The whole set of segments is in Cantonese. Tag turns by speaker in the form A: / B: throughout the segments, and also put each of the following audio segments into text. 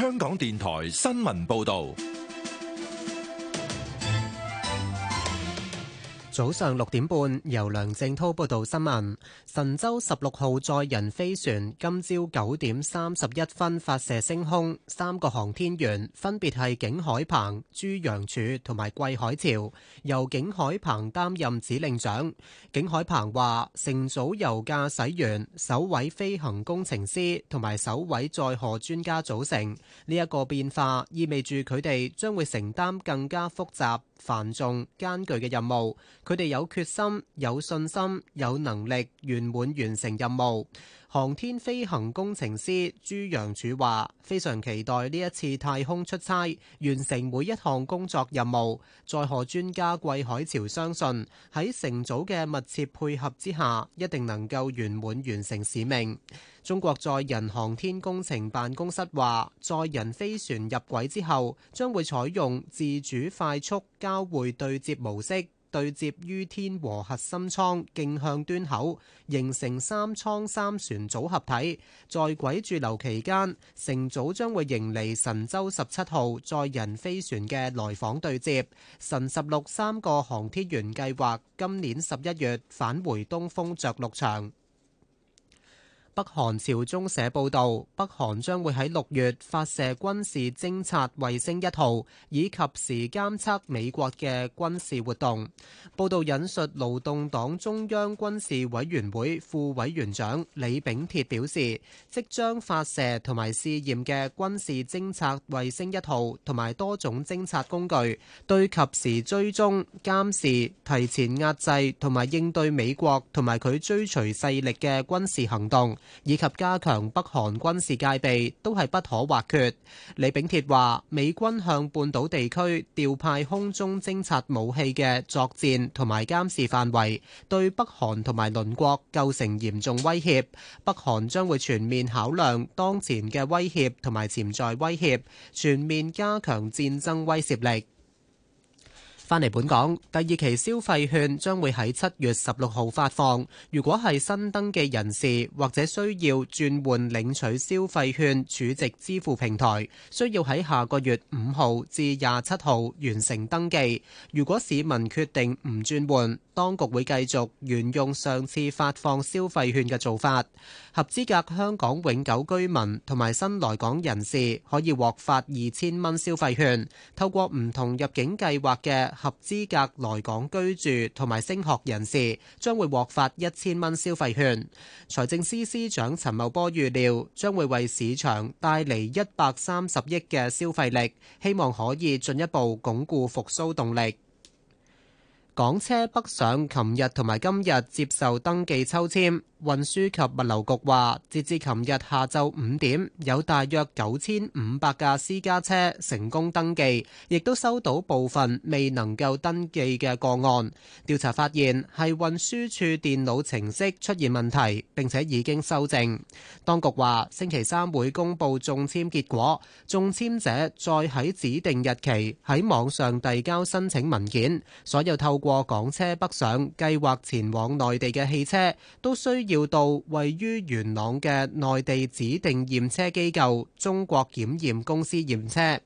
A: 香港電台新聞報道。早上
B: 六點半，由梁正濤報道新聞。神舟十六號載人飛船今朝九點三十一分發射升空，三個航天員分別係景海鵬、朱楊柱同埋桂海潮，由景海鵬擔任指令長。景海鵬話：成組由駕駛員、首位飛行工程師同埋首位載荷專家組成，呢、這、一個變化意味住佢哋將會承擔更加複雜繁重艱巨嘅任務，佢哋有決心、有信心、有能力，圓滿完成任務。航天飛行工程師朱楊柱話：非常期待呢一次太空出差，完成每一項工作任務。載荷專家桂海潮相信喺乘組嘅密切配合之下，一定能夠圓滿完成使命。中國載人航天工程辦公室話：載人飛船入軌之後，將會採用自主快速交會對接模式。對接於天和核心艙徑向端口，形成三艙三船組合體，在軌駐留期間，乘組將會迎嚟神舟十七號載人飛船嘅來訪對接。神十六三個航天員計劃今年十一月返回東風着陸場。北韓朝中社報道，北韓將會喺六月發射軍事偵察衛星一號，以及時監測美國嘅軍事活動。報道引述勞動黨中央軍事委員會副委員長李炳鐵表示，即將發射同埋試驗嘅軍事偵察衛星一號同埋多種偵察工具，對及時追蹤、監視、提前壓制同埋應對美國同埋佢追隨勢力嘅軍事行動。以及加強北韓軍事戒備都係不可或缺。李炳哲話，美軍向半島地區調派空中偵察武器嘅作戰同埋監視範圍，對北韓同埋鄰國構成嚴重威脅。北韓將會全面考量當前嘅威脅同埋潛在威脅，全面加強戰爭威懾力。返嚟本港，第二期消費券將會喺七月十六號發放。如果係新登記人士或者需要轉換領取消費券儲值支付平台，需要喺下個月五號至廿七號完成登記。如果市民決定唔轉換，當局會繼續沿用上次發放消費券嘅做法。合資格香港永久居民同埋新來港人士可以獲發二千蚊消費券，透過唔同入境計劃嘅。合資格來港居住同埋升學人士將會獲發一千蚊消費券。財政司司長陳茂波預料將會為市場帶嚟一百三十億嘅消費力，希望可以進一步鞏固復蘇動力。港車北上，琴日同埋今日接受登記抽籤。運輸及物流局話，截至琴日下晝五點，有大約九千五百架私家車成功登記，亦都收到部分未能夠登記嘅個案。調查發現係運輸署電腦程式出現問題，並且已經修正。當局話，星期三會公布中籤結果，中籤者再喺指定日期喺網上遞交申請文件。所有透過過港車北上計劃前往內地嘅汽車，都需要到位於元朗嘅內地指定驗車機構——中國檢驗公司驗車。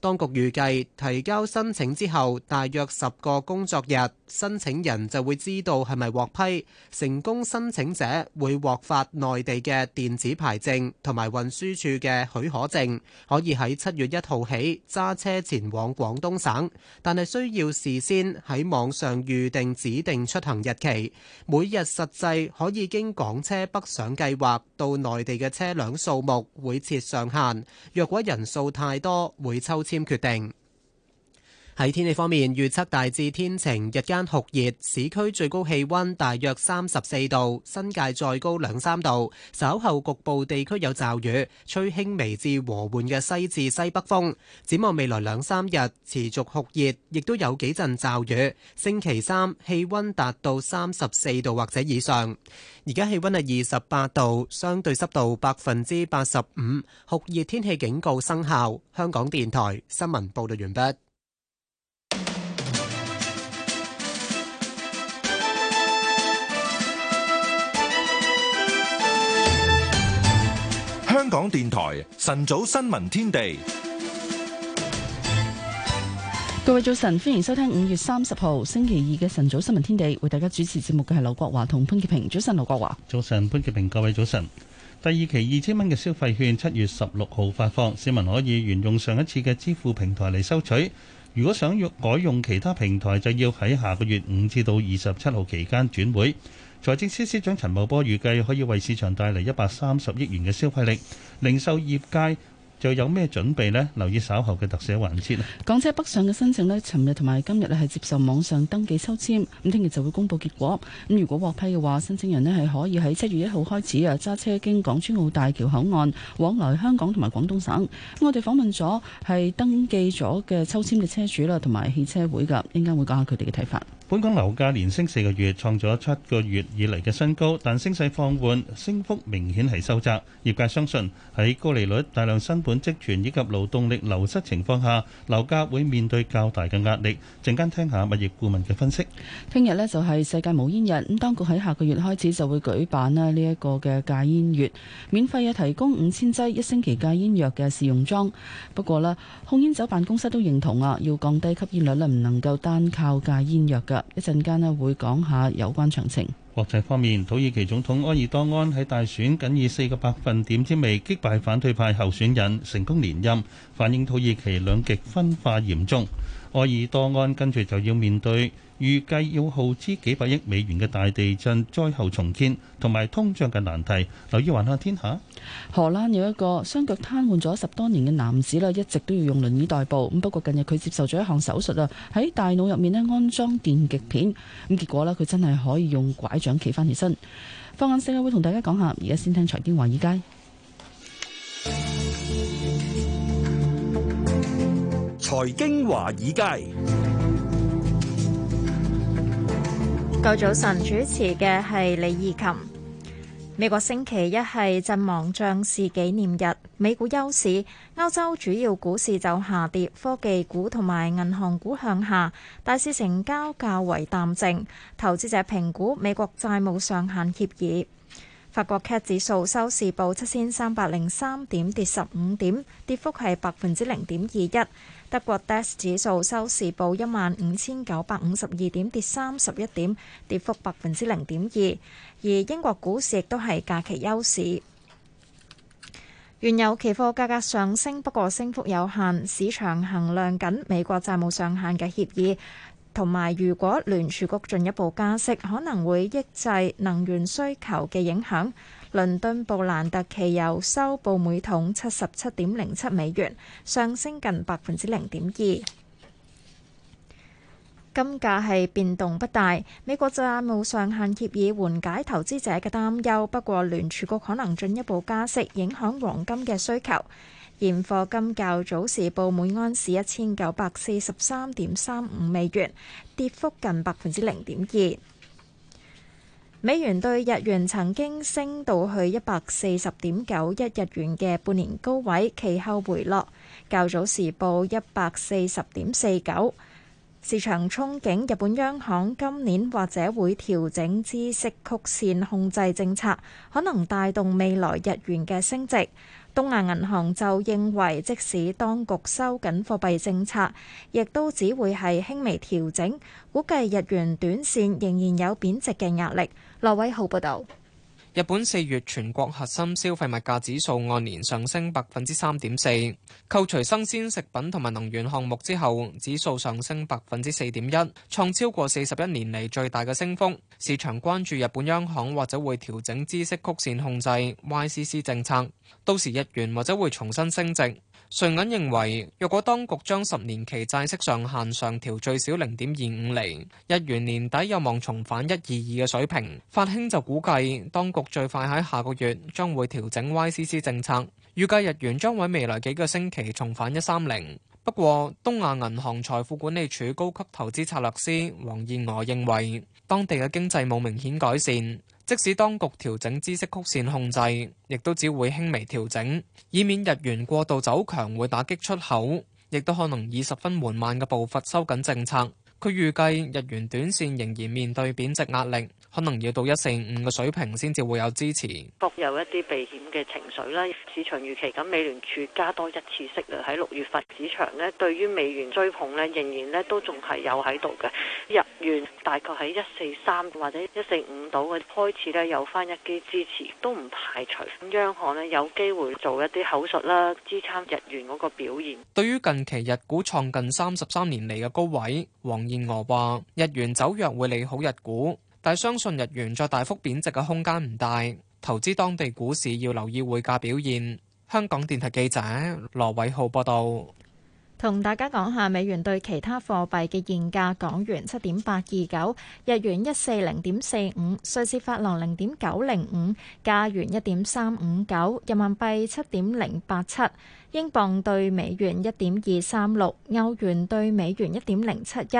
B: 當局預計提交申請之後，大約十個工作日，申請人就會知道係咪獲批。成功申請者會獲發內地嘅電子牌證同埋運輸署嘅許可證，可以喺七月一號起揸車前往廣東省，但係需要事先喺網上預定指定出行日期。每日實際可以經港車北上計劃到內地嘅車輛數目會設上限，若果人數太多，會抽簽決定。喺天氣方面，預測大致天晴，日間酷熱，市區最高氣溫大約三十四度，新界再高兩三度。稍後局部地區有驟雨，吹輕微至和緩嘅西至西北風。展望未來兩三日持續酷熱，亦都有幾陣驟雨。星期三氣溫達到三十四度或者以上。而家氣溫係二十八度，相對濕度百分之八十五，酷熱天氣警告生效。香港電台新聞報道完畢。
A: 香港電台晨早新聞天地，
C: 各位早晨，歡迎收聽五月三十號星期二嘅晨早新聞天地，為大家
D: 主持節目嘅係劉國
C: 華同潘潔平。早晨，劉國
D: 華。早晨，潘潔平。各位早晨。第二期二千蚊嘅消費券，七月十六號發放，市民可以沿用上一次嘅支付平台嚟收取。如果想用改用其他平台，就要喺下個月五至到二十七號期間轉會。財政司司長陳茂波預計可以為市場帶嚟一百三十億元嘅消費力，零售業界仲有咩準備呢？留意稍後嘅特寫環節啊！
C: 港車北上嘅申請呢，尋日同埋今日係接受網上登記抽籤，咁聽日就會公布結果。咁如果獲批嘅話，申請人呢係可以喺七月一號開始啊，揸車經港珠澳大橋口岸往來香港同埋廣東省。我哋訪問咗係登記咗嘅抽籤嘅車主啦，同埋汽車會㗎，應該會講下佢哋嘅睇法。
D: 本港樓價連升四個月，創咗七個月以嚟嘅新高，但升勢放緩，升幅明顯係收窄。業界相信喺高利率、大量新本積存以及勞動力流失情況下，樓價會面對較大嘅壓力。陣間聽，聽下物業顧問嘅分析。
C: 聽日呢就係世界無煙日，咁當局喺下個月開始就會舉辦啦呢一個嘅戒煙月，免費嘅提供五千劑一星期戒煙藥嘅試用裝。不過呢，控煙酒辦公室都認同啊，要降低吸煙率咧，唔能夠單靠戒煙藥㗎。一陣間呢會講下
D: 有關詳情。國際方面，土耳其總統埃爾多安喺大選僅以四個百分點之微擊敗反對派候選人，成功連任，反映土耳其兩極分化嚴重。埃爾多安跟住就要面對。預計要耗資幾百億美元嘅大地震災後重建同埋通脹嘅難題，留意《環下天下》。
C: 荷蘭有一個雙腳癱瘓咗十多年嘅男子呢，一直都要用輪椅代步。咁不過近日佢接受咗一項手術啊，喺大腦入面呢，安裝電極片。咁結果呢，佢真係可以用拐杖企返起身。放眼世界會同大家講下，而家先聽財經華爾街。
A: 財經華爾街。
E: 個早晨主持嘅係李義琴。美國星期一係陣亡將士紀念日，美股休市，歐洲主要股市就下跌，科技股同埋銀行股向下，大市成交較為淡靜，投資者評估美國債務上限協議。法國 CAC 指數收市報七千三百零三點，跌十五點，跌幅係百分之零點二一。德國 DAX 指數收市報一萬五千九百五十二點，跌三十一點，跌幅百分之零點二。而英國股市亦都係假期休市。原油期貨價格上升，不過升幅有限，市場衡量緊美國債務上限嘅協議。同埋，如果聯儲局進一步加息，可能會抑制能源需求嘅影響。倫敦布蘭特期油收報每桶七十七點零七美元，上升近百分之零點二。金價係變動不大。美國債務上限協議緩解投資者嘅擔憂，不過聯儲局可能進一步加息，影響黃金嘅需求。現貨金較早時報每安士一千九百四十三點三五美元，跌幅近百分之零點二。美元對日元曾經升到去一百四十點九一日元嘅半年高位，其後回落，較早時報一百四十點四九。市場憧憬日本央行今年或者會調整知識曲線控制政策，可能帶動未來日元嘅升值。東亞銀行就認為，即使當局收緊貨幣政策，亦都只會係輕微調整，估計日元短線仍然有貶值嘅壓力。羅偉浩報導。
F: 日本四月全國核心消費物價指數按年上升百分之三點四，扣除生鮮食品同埋能源項目之後，指數上升百分之四點一，創超過四十一年嚟最大嘅升幅。市場關注日本央行或者會調整孳息曲線控制 （YCC） 政策，到時日元或者會重新升值。瑞銀認為，若果當局將十年期債息上限上調最少零點二五厘，日元年底有望重返一二二嘅水平。法興就估計，當局最快喺下個月將會調整 YCC 政策，預計日元將喺未來幾個星期重返一三零。不過，東亞銀行財富管理處高級投資策略師黃燕娥認為，當地嘅經濟冇明顯改善。即使當局調整孳息曲線控制，亦都只會輕微調整，以免日元過度走強會打擊出口，亦都可能以十分緩慢嘅步伐收緊政策。佢預計日元短線仍然面對貶值壓力。可能要到一四五嘅水平先至會有支持，
G: 各有一啲避險嘅情緒啦。市場預期咁，美聯儲加多一次息啊，喺六月份市場咧，對於美元追捧咧，仍然咧都仲係有喺度嘅。日元大概喺一四三或者一四五度開始咧，有翻一啲支持，都唔排除。咁央行咧有機會做一啲口述啦，支撐日元嗰個表現。
F: 對於近期日股創近三十三年嚟嘅高位，黃燕娥話：日元走弱會利好日股。但相信日元再大幅貶值嘅空間唔大，投資當地股市要留意匯價表現。香港電台記者羅偉浩報道。
E: 同大家講下美元對其他貨幣嘅現價：港元七點八二九，日元一四零點四五，瑞士法郎零點九零五，加元一點三五九，人民幣七點零八七，英鎊對美元一點二三六，歐元對美元一點零七一，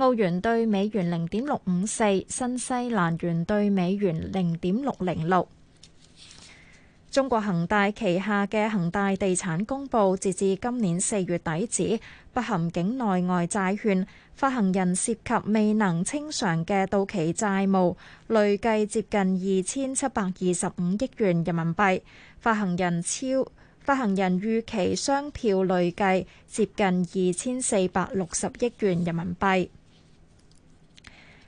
E: 澳元對美元零點六五四，新西蘭元對美元零點六零六。中國恒大旗下嘅恒大地產公布，截至今年四月底止，不含境內外債券發行人涉及未能清償嘅到期債務，累計接近二千七百二十五億元人民幣。發行人超發行人預期，商票累計接近二千四百六十億元人民幣。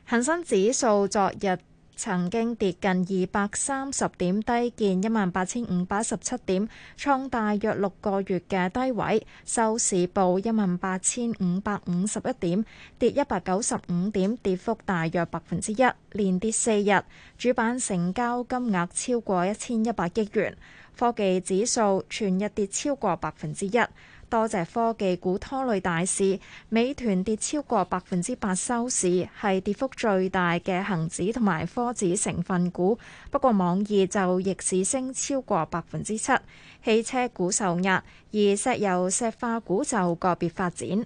E: 恒生指數昨日。曾經跌近二百三十點，低見一萬八千五百一十七點，創大約六個月嘅低位。收市報一萬八千五百五十一點，跌一百九十五點，跌幅大約百分之一，連跌四日。主板成交金額超過一千一百億元。科技指數全日跌超過百分之一。多隻科技股拖累大市，美團跌超過百分之八收市，係跌幅最大嘅恒指同埋科指成分股。不過網易就逆市升超過百分之七，汽車股受壓，而石油石化股就個別發展。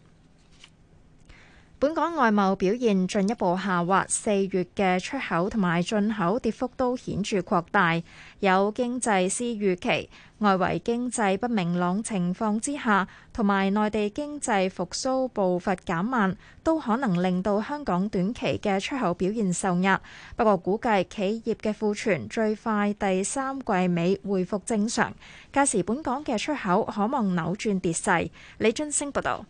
E: 本港外貿表現進一步下滑，四月嘅出口同埋進口跌幅都顯著擴大，有經濟師預期，外圍經濟不明朗情況之下，同埋內地經濟復蘇步伐減慢，都可能令到香港短期嘅出口表現受壓。不過估計企業嘅庫存最快第三季尾恢復正常，
H: 屆時本港嘅出口可望扭轉跌勢，李津星報道。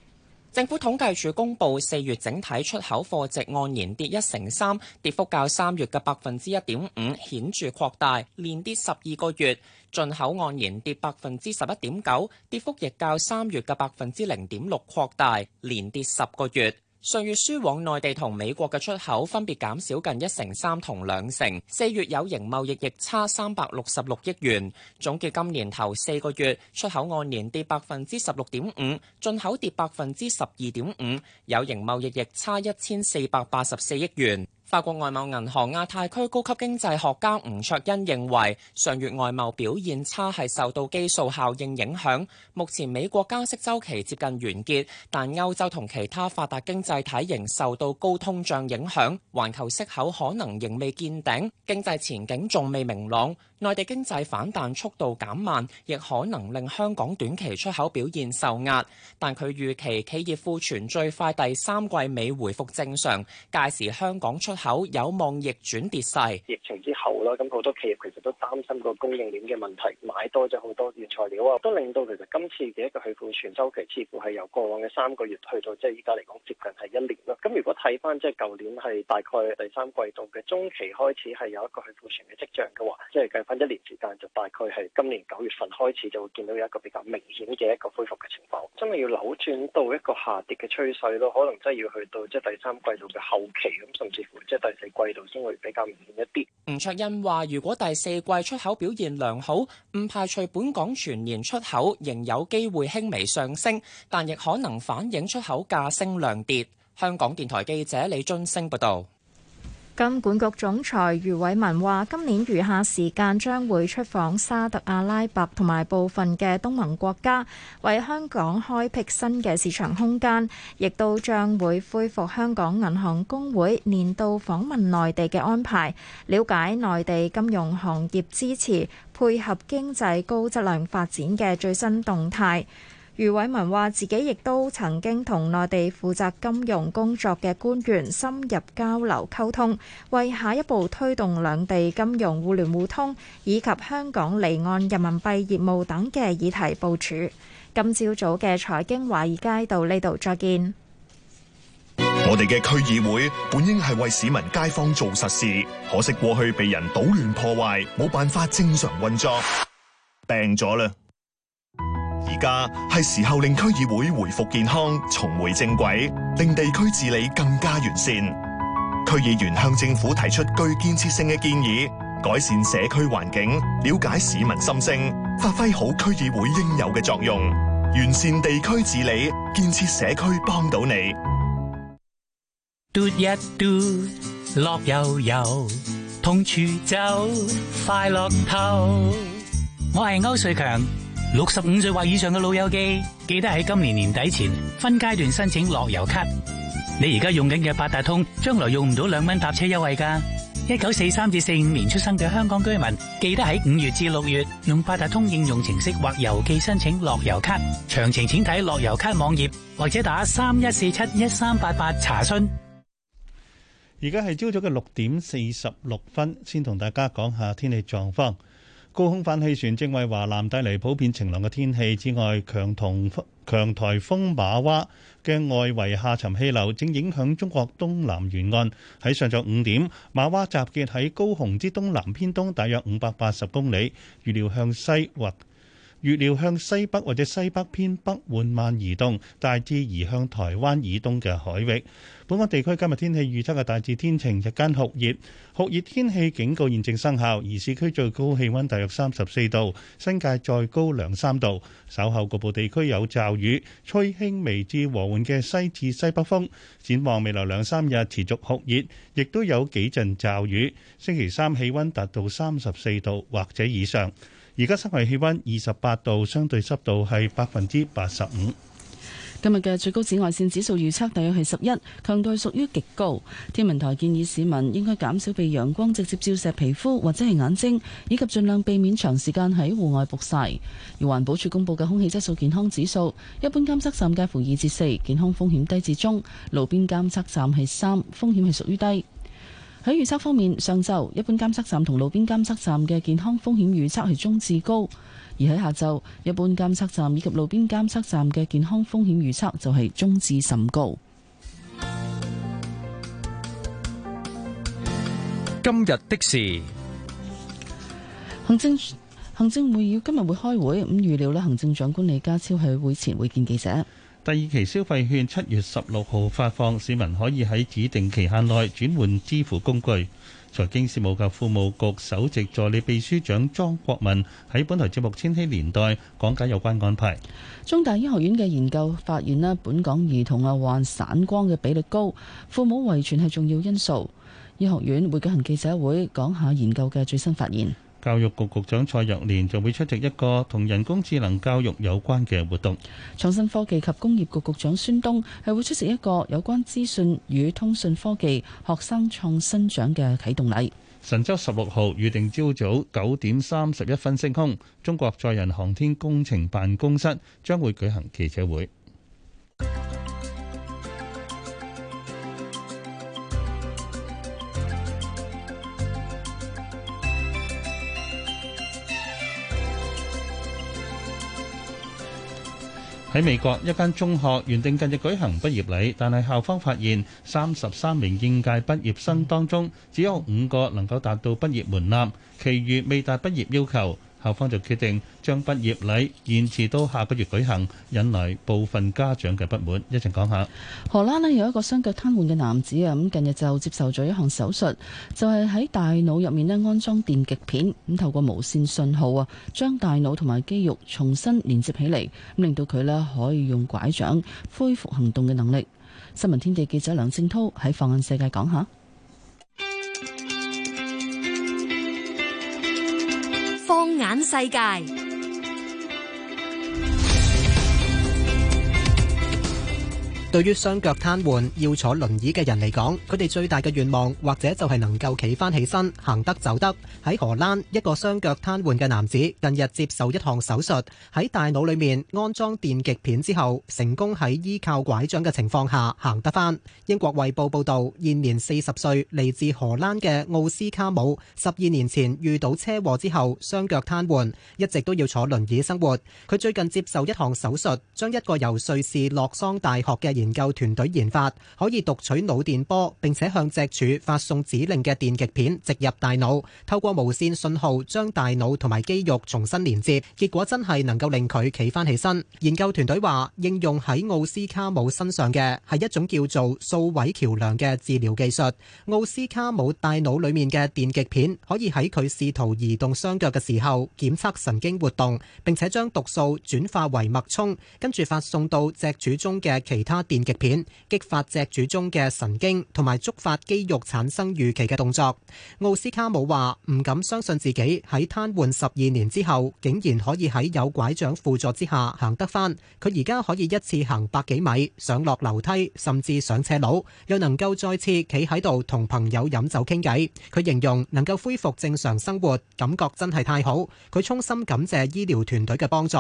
H: 政府統計處公布四月整體出口貨值按年跌一成三，跌幅較三月嘅百分之一點五顯著擴大，連跌十二個月；進口按年跌百分之十一點九，跌幅亦較三月嘅百分之零點六擴大，連跌十個月。上月輸往內地同美國嘅出口分別減少近一成三同兩成，四月有形貿易逆差三百六十六億元。總結今年頭四個月，出口按年跌百分之十六點五，進口跌百分之十二點五，有形貿易逆差一千四百八十四億元。法國外貿銀行亞太區高級經濟學家吳卓恩認為，上月外貿表現差係受到基數效應影響。目前美國加息週期接近完結，但歐洲同其他發達經濟體仍受到高通脹影響，環球息口可能仍未見頂，經濟前景仲未明朗。內地經濟反彈速度減慢，亦可能令香港短期出口表現受壓。但佢預期企業庫存最快第三季尾回復正常，屆時香港出口有望逆轉跌勢。疫情之後咯，咁好多企業其實都擔心個供應鏈嘅問題，買多咗好多原材料啊，都令到其實今次嘅一個去庫存周期似乎係由過往嘅三個月去到即係依家嚟講接近係一年咯。咁如果睇返即係舊年係大概第三季度嘅中期開始係有一個去庫存嘅跡象嘅話，即係嘅。喺一年時間就大概係今年九月份開始就會見到有一個比較明顯嘅一個恢復嘅情況，真係要扭轉到一個下跌嘅趨勢咯，可能真係要去到即係第三季度嘅後期咁，甚至乎即係第四季度先會比較明顯一啲。吳卓恩話：如果第四季出口表現良好，唔排除本港全年出口仍有機會輕微上升，但亦可能反映出口價升量跌。香港電台記者李津升報導。
E: 金管局總裁余偉文話，今年餘下時間將會出訪沙特阿拉伯同埋部分嘅東盟國家，為香港開闢新嘅市場空間，亦都將會恢復香港銀行工會年度訪問內地嘅安排，了解內地金融行業支持配合經濟高質量發展嘅最新動態。余偉文話：自己亦都曾經同內地負責金融工作嘅官員深入交流溝通，為下一步推動兩地金融互聯互通以及香港離岸人民幣業務等嘅議題部署。今朝早嘅財經華爾街到呢度再見。
A: 我哋嘅區議會本應係為市民街坊做實事，可惜過去被人搗亂破壞，冇辦法正常運作，病咗啦。而家係時候令區議會回復健康，重回正軌，令地區治理更加完善。區議員向政府提出具建設性嘅建議，改善社區環境，了解市民心聲，發揮好區議會應有嘅作用，完善地區治理，建設社區，幫到你。
H: 嘟一嘟樂悠悠，同處走，快樂透。我係歐瑞強。六十五歲或以上嘅老友記，記得喺今年年底前分階段申請樂悠咭。你而家用緊嘅八達通，將來用唔到兩蚊搭車優惠㗎。一九四三至四五年出生嘅香港居民，記得喺五月至六月用八達通應用程式或郵寄申請樂悠咭。詳情請睇樂悠咭網頁或者打三一
D: 四七一三八八查詢。而家係朝早嘅六點四十六分，先同大家講下天氣狀況。高空反氣旋正為華南帶嚟普遍晴朗嘅天氣，之外，強颱風強颱風馬娃嘅外圍下沉氣流正影響中國東南沿岸。喺上晝五點，馬娃集結喺高雄之東南偏東大約五百八十公里，預料向西或。預料向西北或者西北偏北緩慢移動，大致移向台灣以東嘅海域。本港地區今日天氣預測嘅大致天晴，日間酷熱，酷熱天氣警告現正生效，而市區最高氣溫大約三十四度，新界再高兩三度。稍後局部地區有驟雨，吹輕微至和緩嘅西至西北風。展望未來兩三日持續酷熱，亦都有幾陣驟雨。星期三氣溫達到三十四度或者以上。而家室外氣溫二十八度，相對濕度係百分之八十五。
C: 今日嘅最高紫外線指數預測大約係十一，強度屬於極高。天文台建議市民應該減少被陽光直接照射皮膚或者係眼睛，以及盡量避免長時間喺戶外曝曬。而環保署公布嘅空氣質素健康指數，一般監測站介乎二至四，健康風險低至中；路邊監測站係三，風險係屬於低。喺預測方面，上晝一般監測站同路邊監測站嘅健康風險預測係中至高，而喺下晝一般監測站以及路邊監測站嘅健康風險預測就係中至甚
I: 高。今日的事，
C: 行政行政會議今日會開會，咁預料咧，行政長官李家超喺會前會見記者。
D: 第二期消費券七月十六號發放，市民可以喺指定期限內轉換支付工具。財經事務及庫務局首席助理秘書長莊國民喺本台節目千禧年代講解有關安排。
C: 中大醫學院嘅研究發現，本港兒童患散光嘅比例高，父母遺傳係重要因素。醫學院會舉行記者會講下研究嘅最新發現。
D: 教育局局長蔡若蓮就會出席一個同人工智能教育有關嘅活動。
C: 創新科技及工業局局長孫東係會出席一個有關資訊與通訊科技學生創新獎嘅啟動禮。
D: 神舟十六號預定朝早九點三十一分升空，中國載人航天工程辦公室將會舉行記者會。喺美國一間中學原定近日舉行畢業禮，但係校方發現三十三名應屆畢業生當中，只有五個能夠達到畢業門檻，其餘未達畢業要求。校方就決定將畢業禮延遲到下個月舉行，引來部分家長嘅不滿。一陣講下，
C: 荷蘭咧有一個雙腳癱瘓嘅男子啊，咁近日就接受咗一項手術，就係喺大腦入面咧安裝電極片，咁透過無線信號啊，將大腦同埋肌肉重新連接起嚟，咁令到佢咧可以用拐杖恢復行動嘅能力。新聞天地記者梁正濤喺放眼世界講下。
E: 放眼世界。
B: 對於雙腳癱瘓要坐輪椅嘅人嚟講，佢哋最大嘅願望或者就係能夠企翻起身，行得走得。喺荷蘭，一個雙腳癱瘓嘅男子近日接受一項手術，喺大腦裏面安裝電極片之後，成功喺依靠拐杖嘅情況下行得翻。英國衛報報道，現年四十歲嚟自荷蘭嘅奧斯卡姆，十二年前遇到車禍之後雙腳癱瘓，一直都要坐輪椅生活。佢最近接受一項手術，將一個由瑞士洛桑大學嘅研究團隊研發可以讀取腦電波並且向脊柱發送指令嘅電極片植入大腦，透過無線信號將大腦同埋肌肉重新連接。結果真係能夠令佢企返起身。研究團隊話，應用喺奧斯卡姆身上嘅係一種叫做數位橋梁嘅治療技術。奧斯卡姆大腦裡面嘅電極片可以喺佢試圖移動雙腳嘅時候檢測神經活動，並且將讀數轉化為脈沖，跟住發送到脊柱中嘅其他。電極片激發脊柱中嘅神經，同埋觸發肌肉產生預期嘅動作。奧斯卡姆話唔敢相信自己喺癱瘓十二年之後，竟然可以喺有拐杖輔助之下行得返。佢而家可以一次行百幾米、上落樓梯，甚至上斜路，又能夠再次企喺度同朋友飲酒傾偈。佢形容能夠恢復正常生活，感覺真係太好。佢衷心感謝醫療團隊嘅幫助。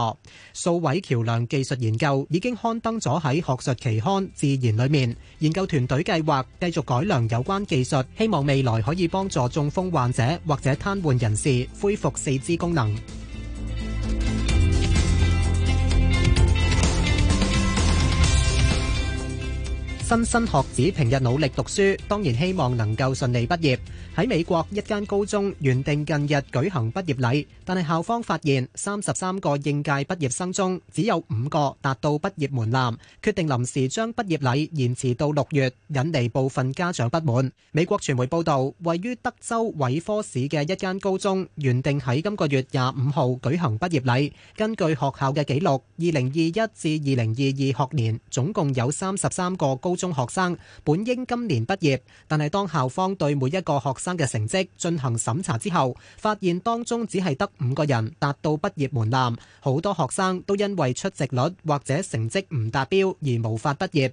B: 數位橋梁技術研究已經刊登咗喺學術期。看自然裏面，研究團隊計劃繼續改良有關技術，希望未來可以幫助中風患者或者癱瘓人士恢復四肢功能。莘莘學子平日努力讀書，當然希望能夠順利畢業。喺美國一間高中原定近日舉行畢業禮，但係校方發現三十三個應屆畢業生中只有五個達到畢業門檻，決定臨時將畢業禮延遲到六月，引嚟部分家長不滿。美國傳媒報道，位於德州韋科市嘅一間高中原定喺今個月廿五號舉行畢業禮。根據學校嘅記錄，二零二一至二零二二學年總共有三十三個高中學生本應今年畢業，但係當校方對每一個學生嘅成績進行審查之後，發現當中只係得五個人達到畢業門檻，好多學生都因為出席率或者成績唔達標而無法畢業。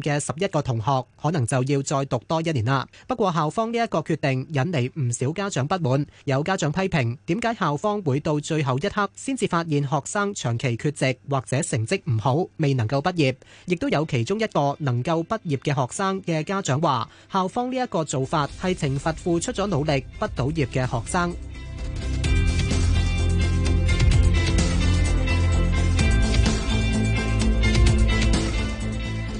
B: 嘅十一個同學可能就要再讀多一年啦。不過校方呢一個決定引嚟唔少家長不滿，有家長批評點解校方會到最後一刻先至發現學生長期缺席或者成績唔好，未能夠畢業。亦都有其中一個能夠畢業嘅學生嘅家長話，校方呢一個做法係懲罰付出咗努力不到業嘅學生。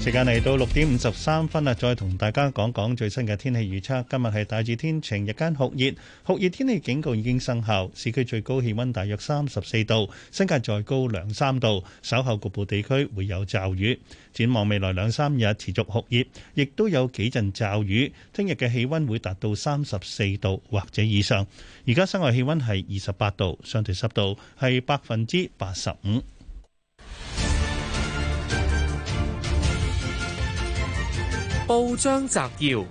D: 時間嚟到六點五十三分啦，再同大家講講最新嘅天氣預測。今日係大致天晴，日間酷熱，酷熱天氣警告已經生效。市區最高氣温大約三十四度，新界再高兩三度，稍後局部地區會有驟雨。展望未來兩三日持續酷熱，亦都有幾陣驟雨。聽日嘅氣温會達到三十四度或者以上。而家室外氣温係二十八度，相對濕度係百分之八十五。
J: 報章摘要：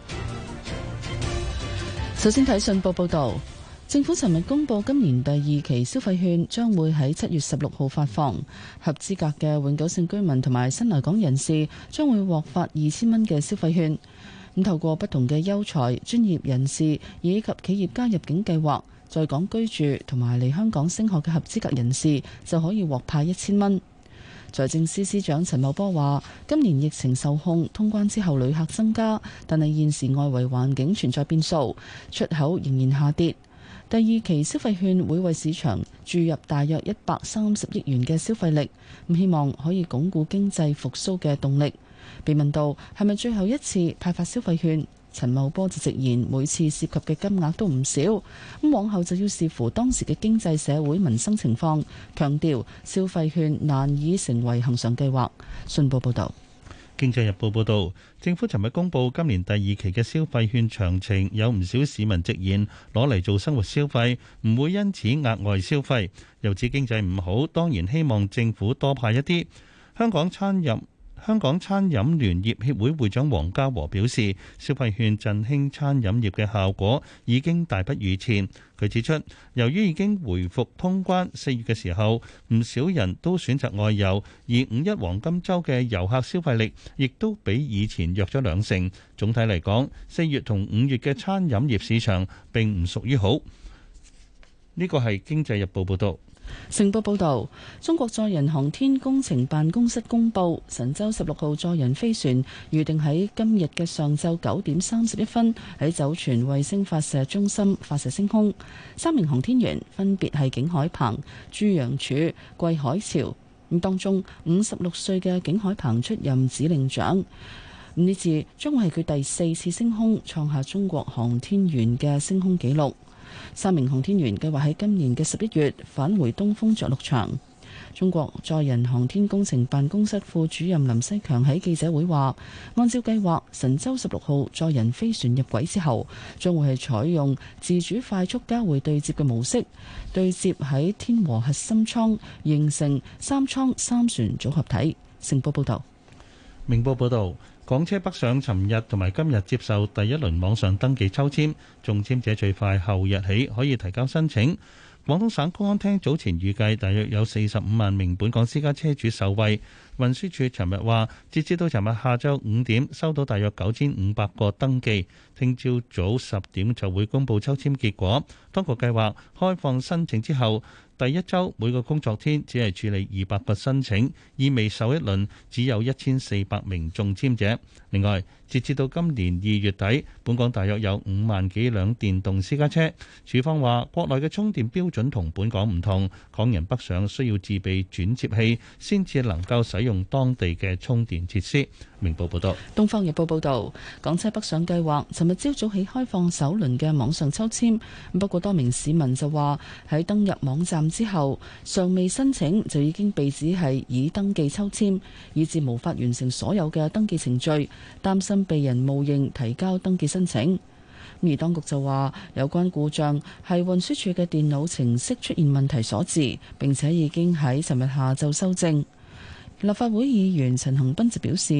C: 首先睇信報報道，政府尋日公布今年第二期消費券將會喺七月十六號發放，合資格嘅永久性居民同埋新來港人士將會獲發二千蚊嘅消費券。咁透過不同嘅優才、專業人士以及企業家入境計劃，在港居住同埋嚟香港升學嘅合資格人士就可以獲派一千蚊。財政司司長陳茂波話，今年疫情受控，通關之後旅客增加，但係現時外圍環境存在變數，出口仍然下跌。第二期消費券會為市場注入大約一百三十億元嘅消費力，咁希望可以鞏固經濟復蘇嘅動力。被問到係咪最後一次派發消費券？陳茂波就直言，每次涉及嘅金額都唔少，咁往後就要視乎當時嘅經濟社會民生情況，強調消費券難以成為恆常計劃。信報報道，
D: 《經濟日報》報道，政府尋日公布今年第二期嘅消費券詳情，有唔少市民直言攞嚟做生活消費，唔會因此額外消費。又指經濟唔好，當然希望政府多派一啲。香港餐飲。香港餐飲聯業協會會長黃家和表示，消費券振興餐飲業嘅效果已經大不如前。佢指出，由於已經回復通關，四月嘅時候唔少人都選擇外遊，而五一黃金周嘅遊客消費力亦都比以前弱咗兩成。總體嚟講，四月同五月嘅餐飲業市場並唔屬於好。呢個係《經濟日報》報道。
C: 成報報道，中國載人航天工程辦公室公布，神舟十六號載人飛船預定喺今日嘅上晝九點三十一分喺酒泉衛星發射中心發射升空。三名航天員分別係景海鵬、朱楊柱、桂海潮。咁當中五十六歲嘅景海鵬出任指令長。呢次將會係佢第四次升空，創下中國航天員嘅升空紀錄。三名航天員計劃喺今年嘅十一月返回東風着陸場。中國載人航天工程辦公室副主任林西強喺記者會話，按照計劃，神舟十六號載人飛船入軌之後，將會係採用自主快速交會對接嘅模式，對接喺天和核心艙，形成三艙三,三船組合體。成報報道，
D: 明報報道。港車北上，尋日同埋今日接受第一輪網上登記抽籤，中籤者最快後日起可以提交申請。廣東省公安廳早前預計，大約有四十五萬名本港私家車主受惠。運輸署尋日話，截止到尋日下晝五點，收到大約九千五百個登記，聽朝早十點就會公佈抽籤結果。當局計劃開放申請之後，第一周每個工作天只係處理二百筆申請，意味首一輪只有一千四百名中簽者。另外，截至到今年二月底，本港大約有五萬幾輛電動私家車。署方話國內嘅充電標準同本港唔同，港人北上需要自備轉接器，先至能夠使用當地嘅充電設施。明報報道，東
C: 方日報報道，港車北上計劃尋日朝早起開放首輪嘅網上抽簽。不過，多名市民就話，喺登入網站之後，尚未申請就已經被指係已登記抽簽，以致無法完成所有嘅登記程序。擔心被人冒認提交登記申請，而當局就話有關故障係運輸署嘅電腦程式出現問題所致，並且已經喺尋日下晝修正。立法會議員陳恒鑌就表示，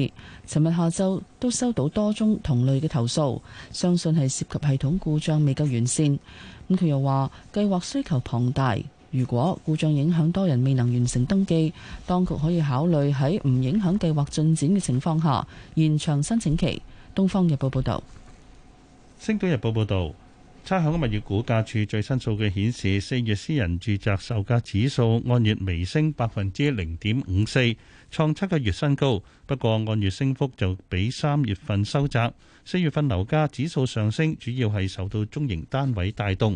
C: 尋日下晝都收到多宗同類嘅投訴，相信係涉及系統故障未夠完善。咁佢又話計劃需求龐大。如果故障影響多人未能完成登記，當局可以考慮喺唔影響計劃進展嘅情況下延長申請期。《東方日報》報道，
D: 星島日報報道，差餉嘅物業估價署最新數據顯示，四月私人住宅售價指數按月微升百分之零點五四，創七個月新高。不過按月升幅就比三月份收窄。四月份樓價指數上升，主要係受到中型單位帶動。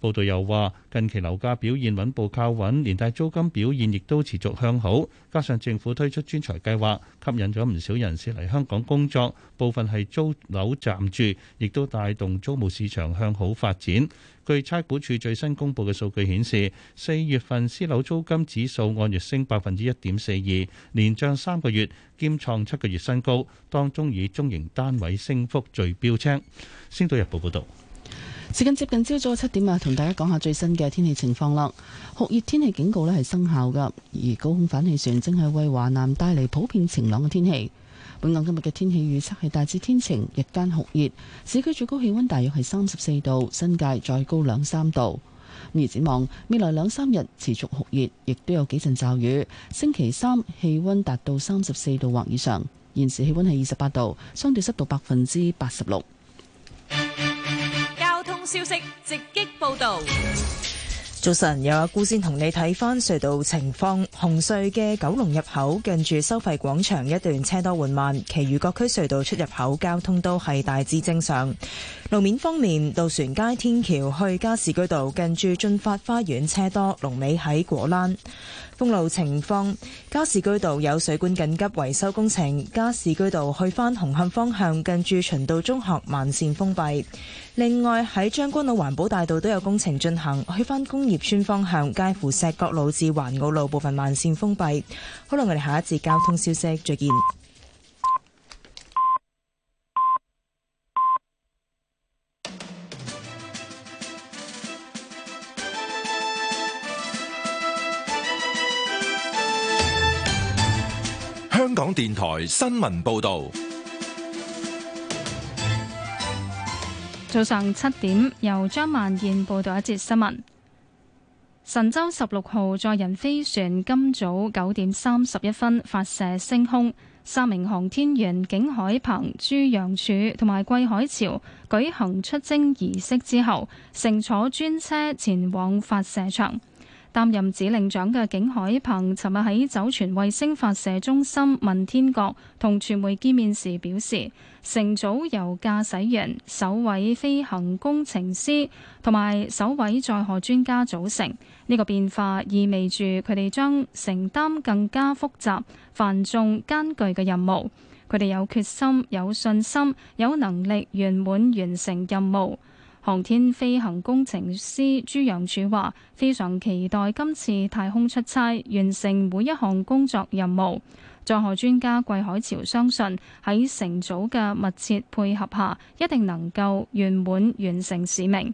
D: 報道又話，近期樓價表現穩步靠穩，連帶租金表現亦都持續向好。加上政府推出專才計劃，吸引咗唔少人士嚟香港工作，部分係租樓暫住，亦都帶動租務市場向好發展。據差估署最新公佈嘅數據顯示，四月份私樓租金指數按月升百分之一點四二，連漲三個月，兼創七個月新高。當中以中型單位升幅最標青。星島日報報導。
C: 時間接近朝早七點啊，同大家講下最新嘅天氣情況啦。酷熱天氣警告呢係生效噶而高空反氣旋正係為華南帶嚟普遍晴朗嘅天氣。本港今日嘅天氣預測係大致天晴，日間酷熱，市區最高氣溫大約係三十四度，新界再高兩三度。而展望未來兩三日持續酷熱，亦都有幾陣驟雨。星期三氣溫達到三十四度或以上。現時氣溫係二十八度，相對濕度百分之八十六。
K: 消息直擊報道，
C: 早晨，有阿姑先同你睇返
L: 隧道情況。紅隧嘅九龍入口近住收費廣場一段車多緩慢，其餘各區隧道出入口交通都係大致正常。路面方面，渡船街天橋去加士居道近住駿發花園車多，龍尾喺果欄。公路情況：加士居道有水管緊急維修工程，加士居道去翻紅磡方向近住循道中學慢線封閉。另外喺將軍澳環保大道都有工程進行，去翻工業村方向介乎石角路至環澳路部分慢線封閉。好啦，我哋下一節交通消息，再見。
A: 香港電台新聞報道，
M: 早上七點，由張萬燕報道一節新聞。神舟十六號載人飛船今早九點三十一分發射升空，三名航天員景海鵬、朱楊柱同埋桂海潮舉行出征儀式之後，乘坐專車前往發射場。擔任指令長嘅景海鵬，尋日喺酒泉衛星發射中心問天閣同傳媒見面時表示，乘組由駕駛員、首位飛行工程師同埋首位載荷專家組成，呢個變化意味住佢哋將承擔更加複雜、繁重、艱巨嘅任務。佢哋有決心、有信心、有能力，圓滿完成任務。航天飛行工程師朱楊柱話：非常期待今次太空出差，完成每一項工作任務。載荷專家桂海潮相信喺乘組嘅密切配合下，一定能夠圓滿完成使命。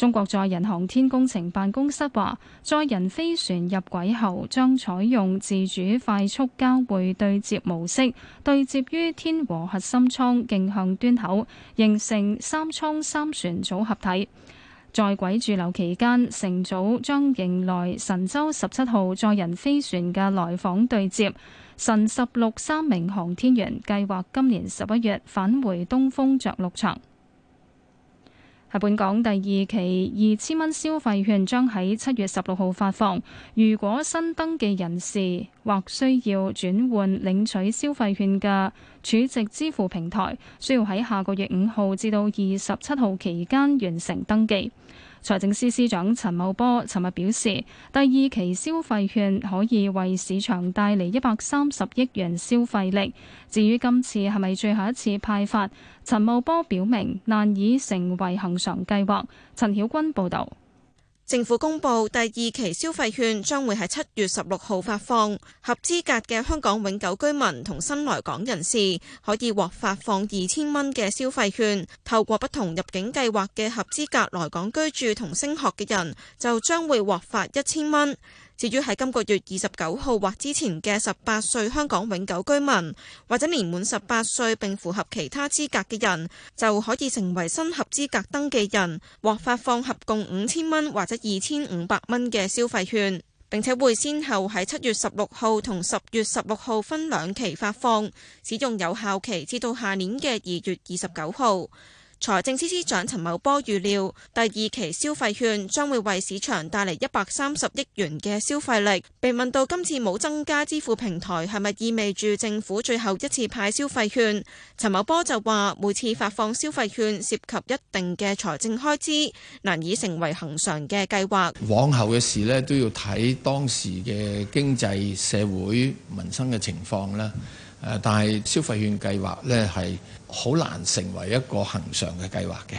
M: 中國載人航天工程辦公室話，載人飛船入軌後將採用自主快速交會對接模式，對接於天和核心艙徑向端口，形成三艙三船組合體。在軌駐留期間，乘組將迎來神舟十七號載人飛船嘅來訪對接。神十六三名航天員計劃今年十一月返回東風着陸場。係本港第二期二千蚊消費券將喺七月十六號發放。如果新登記人士或需要轉換領取消費券嘅儲值支付平台，需要喺下個月五號至到二十七號期間完成登記。財政司司長陳茂波尋日表示，第二期消費券可以為市場帶嚟一百三十億元消費力。至於今次係咪最後一次派發，陳茂波表明難以成為恆常計劃。陳曉君報道。
N: 政府公布第二期消費券將會喺七月十六號發放，合資格嘅香港永久居民同新來港人士可以獲發放二千蚊嘅消費券。透過不同入境計劃嘅合資格來港居住同升學嘅人，就將會獲發一千蚊。至於喺今個月二十九號或之前嘅十八歲香港永久居民，或者年滿十八歲並符合其他資格嘅人，就可以成為新合資格登記人，獲發放合共五千蚊或者二千五百蚊嘅消費券，並且會先後喺七月十六號同十月十六號分兩期發放，使用有效期至到下年嘅二月二十九號。財政司司長陳茂波預料，第二期消費券將會為市場帶嚟一百三十億元嘅消費力。被問到今次冇增加支付平台係咪意味住政府最後一次派消費券，陳茂波就話：每次發放消費券涉及一定嘅財政開支，難以成為恆常嘅計劃。
O: 往後嘅事呢，都要睇當時嘅經濟、社會、民生嘅情況啦。誒，但係消費券計劃咧，係好難成為一個恒常嘅計劃嘅。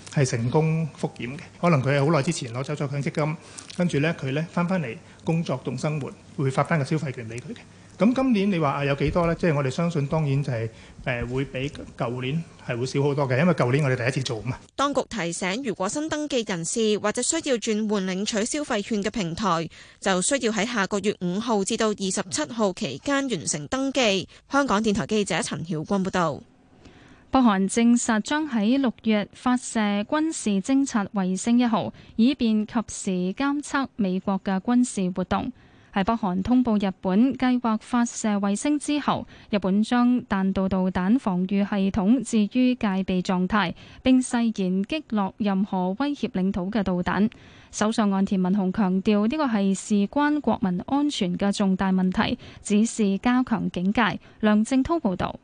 I: 係成功復檢嘅，可能佢係好耐之前攞走咗強積金，跟住呢佢呢翻翻嚟工作同生活，會發翻個消費券俾佢嘅。咁今年你話有幾多呢？即係我哋相信當然就係誒會比舊年係會少好多嘅，因為舊年我哋第一次做嘛。
N: 當局提醒，如果新登記人士或者需要轉換領取消費券嘅平台，就需要喺下個月五號至到二十七號期間完成
M: 登記。香港電台記者陳曉光報道。北韓證實將喺六月發射軍事偵察衛星一號，以便及時監測美國嘅軍事活動。喺北韓通報日本計劃發射衛星之後，日本將彈道導彈防禦系統置於戒備狀態，並誓言擊落任何威脅領土嘅導彈。首相岸田文雄強調，呢個係事關國民安全嘅重大問題，指示加強警戒。梁正濤報道。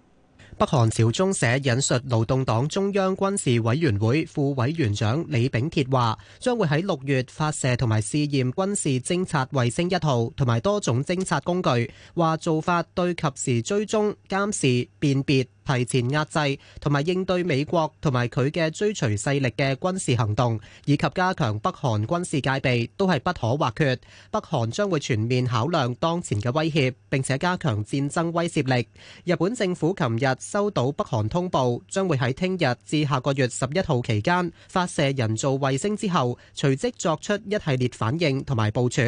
B: 北韓朝中社引述勞動黨中央軍事委員會副委員長李炳鐵話：將會喺六月發射同埋試驗軍事偵察衛星一號同埋多種偵察工具，話做法對及時追蹤、監視、辨別，提前壓制同埋應對美國同埋佢嘅追隨勢力嘅軍事行動，以及加強北韓軍事戒備，都係不可或缺。北韓將會全面考量當前嘅威脅，並且加強戰爭威懾力。日本政府琴日收到北韓通報，將會喺聽日至下個月十一號期間發射人造衛星之後，隨即作出一系列反應同埋部署。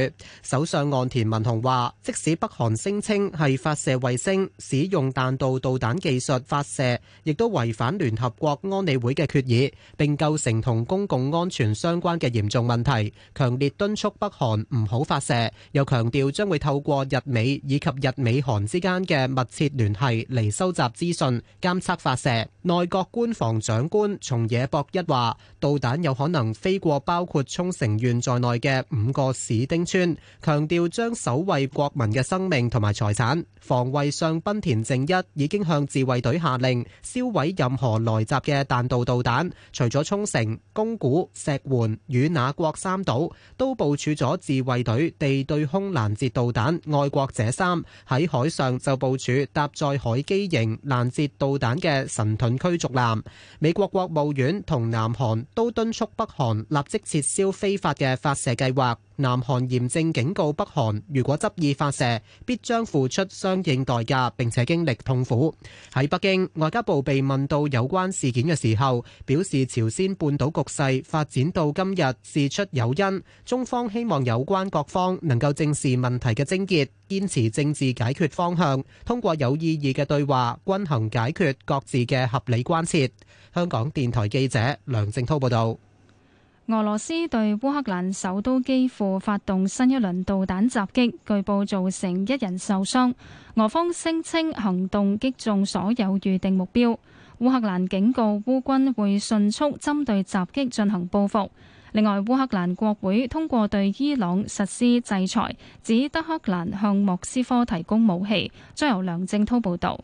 B: 首相岸田文雄話：即使北韓聲稱係發射衛星，使用彈道導彈技術。發射亦都違反聯合國安理會嘅決議，並構成同公共安全相關嘅嚴重問題，強烈敦促北韓唔好發射。又強調將會透過日美以及日美韓之間嘅密切聯繫嚟收集資訊、監測發射。內閣官房長官松野博一話，導彈有可能飛過包括沖繩縣在內嘅五個市町村，強調將守衛國民嘅生命同埋財產。防衛相濱田正一已經向自衛隊。下令銷毀任何來襲嘅彈道導彈，除咗沖繩、宮古、石垣與那國三島，都部署咗自衛隊地對空攔截導彈愛國者三。喺海上就部署搭載海基型攔截導彈嘅神盾驅逐艦。美國國務院同南韓都敦促北韓立即撤銷非法嘅發射計劃。南韓嚴正警告北韓，如果執意發射，必將付出相應代價，並且經歷痛苦。喺北京外交部被問到有關事件嘅時候，表示朝鮮半島局勢發展到今日，事出有因。中方希望有關各方能夠正視問題嘅症結，堅持政治解決方向，通過有意義嘅對話，均衡解決各自嘅合理關切。香港電台記者梁正滔報道。
M: 俄羅斯對烏克蘭首都基輔發動新一輪導彈襲擊，據報造成一人受傷。俄方聲稱行動擊中所有預定目標。烏克蘭警告烏軍會迅速針對襲擊進行報復。另外，烏克蘭國會通過對伊朗實施制裁，指德克蘭向莫斯科提供武器。將由梁正濤報道。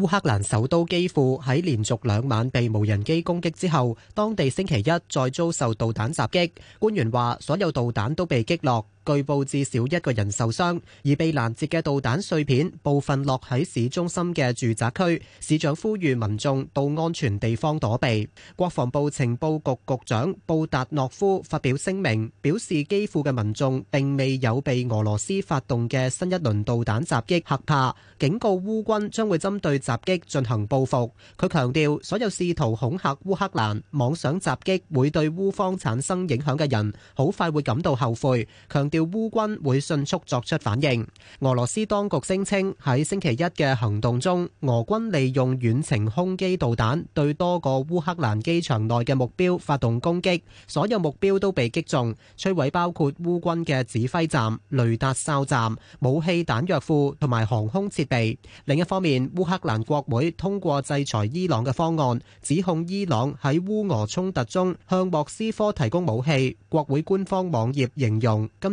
B: 烏克蘭首都基輔喺連續兩晚被無人機攻擊之後，當地星期一再遭受導彈襲擊。官員話，所有導彈都被擊落。據報至少一個人受傷，而被攔截嘅導彈碎片部分落喺市中心嘅住宅區。市長呼籲民眾到安全地方躲避。國防部情報局局長布達諾夫發表聲明，表示基輔嘅民眾並未有被俄羅斯發動嘅新一輪導彈襲擊嚇怕，警告烏軍將會針對襲擊進行報復。佢強調，所有試圖恐嚇烏克蘭、妄想襲擊會對烏方產生影響嘅人，好快會感到後悔。強。調烏軍會迅速作出反應。俄羅斯當局聲稱喺星期一嘅行動中，俄軍利用遠程空基導彈對多個烏克蘭機場內嘅目標發動攻擊，所有目標都被擊中，摧毀包括烏軍嘅指揮站、雷達哨站、武器彈藥庫同埋航空設備。另一方面，烏克蘭國會通過制裁伊朗嘅方案，指控伊朗喺烏俄衝突中向莫斯科提供武器。國會官方網頁形容今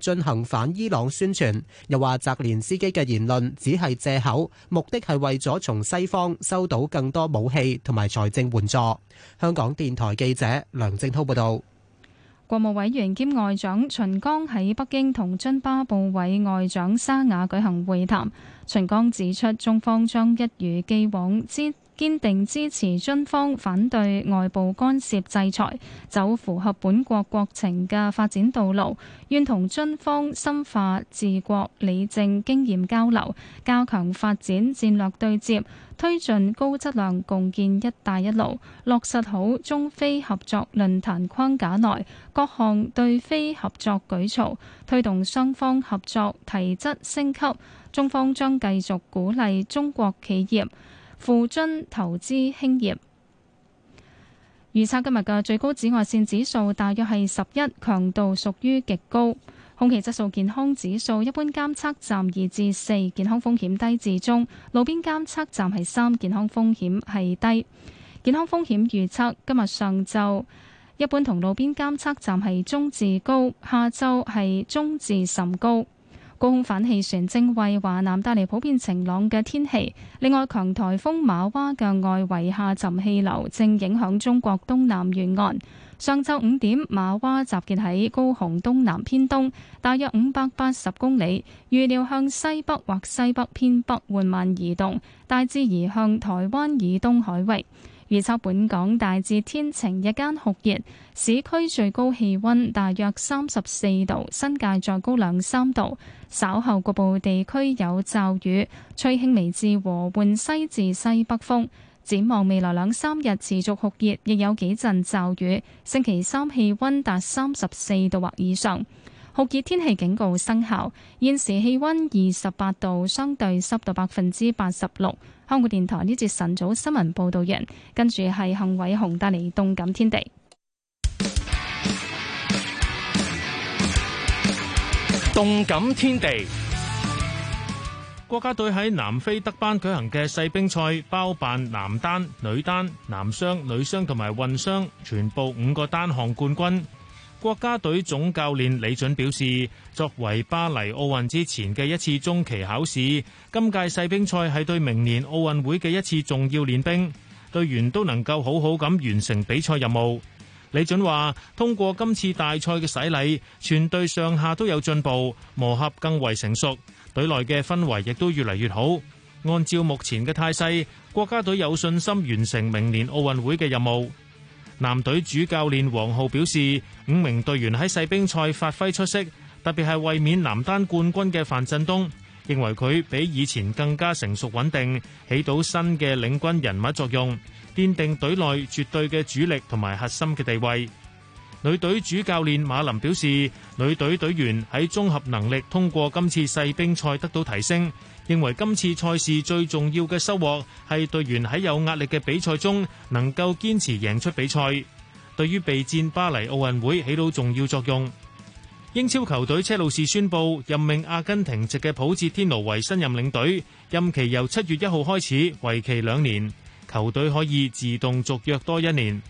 B: 進行反伊朗宣傳，又話澤連斯基嘅言論只係藉口，目的係為咗從西方收到更多武器同埋財政援助。香港電台記者梁正濤報道。
M: 國務委員兼外長秦剛喺北京同津巴布韋外長沙雅舉行會談。秦剛指出，中方將一如既往支堅定支持津方反對外部干涉制裁，走符合本國國情嘅發展道路，願同津方深化治國理政經驗交流，加強發展戰略對接，推進高質量共建“一帶一路”，落實好中非合作論壇框架內各項對非合作舉措，推動雙方合作提質升級。中方將繼續鼓勵中國企業。附樽投資興業。預測今日嘅最高紫外線指數大約係十一，強度屬於極高。空氣質素健康指數一般監測站二至四，健康風險低至中；路邊監測站係三，健康風險係低。健康風險預測今日上晝一般同路邊監測站係中至高，下晝係中至甚高。高空反氣旋正為華南帶嚟普遍晴朗嘅天氣。另外，強颱風瑪娃嘅外圍下沉氣流正影響中國東南沿岸。上晝五點，瑪娃集結喺高雄東南偏東，大約五百八十公里，預料向西北或西北偏北緩慢移動，大致移向台灣以東海域。預測本港大致天晴，日間酷熱，市區最高氣溫大約三十四度，新界再高兩三度。稍後局部地區有驟雨，吹輕微至和緩西至西北風。展望未來兩三日持續酷熱，亦有幾陣驟雨。星期三氣溫達三十四度或以上。酷熱天氣警告生效，現時氣溫二十八度，相對濕度百分之八十六。香港電台呢節晨早新聞報道人，跟住係幸偉雄帶嚟動感天地。
I: 動感天地，國家隊喺南非德班舉行嘅世乒賽包辦男單、女單、男雙、女雙同埋混雙全部五個單項冠軍。國家隊總教練李准表示，作為巴黎奧運之前嘅一次中期考試，今屆世兵賽世乒賽係對明年奧運會嘅一次重要練兵，隊員都能夠好好咁完成比賽任務。李准話，通過今次大賽嘅洗禮，全隊上下都有進步，磨合更為成熟，隊內嘅氛圍亦都越嚟越好。按照目前嘅態勢，國家隊有信心完成明年奧運會嘅任務。男隊主教練王浩表示，五名隊員喺世乒賽發揮出色，特別係衛冕男單冠軍嘅樊振東，認為佢比以前更加成熟穩定，起到新嘅領軍人物作用，奠定隊內絕對嘅主力同埋核心嘅地位。女隊主教練馬林表示，女隊隊員喺綜合能力通過今次世乒賽得到提升。認為今次賽事最重要嘅收穫係隊員喺有壓力嘅比賽中能夠堅持贏出比賽，對於備戰巴黎奧運會起到重要作用。英超球隊車路士宣布任命阿根廷籍嘅普智天奴為新任領隊，任期由七月一號開始，為期兩年，球隊可以自動續約多一年。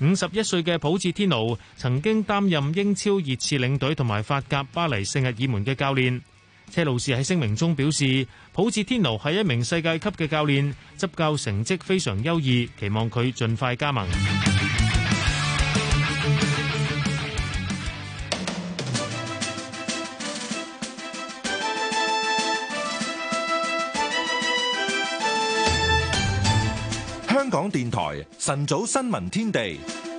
I: 五十一歲嘅普智天奴曾經擔任英超熱刺領隊同埋法甲巴黎聖日耳門嘅教練。車路士喺聲明中表示，普智天奴係一名世界級嘅教練，執教成績非常優異，期望佢盡快加盟。
A: 香港電台晨早新聞天地。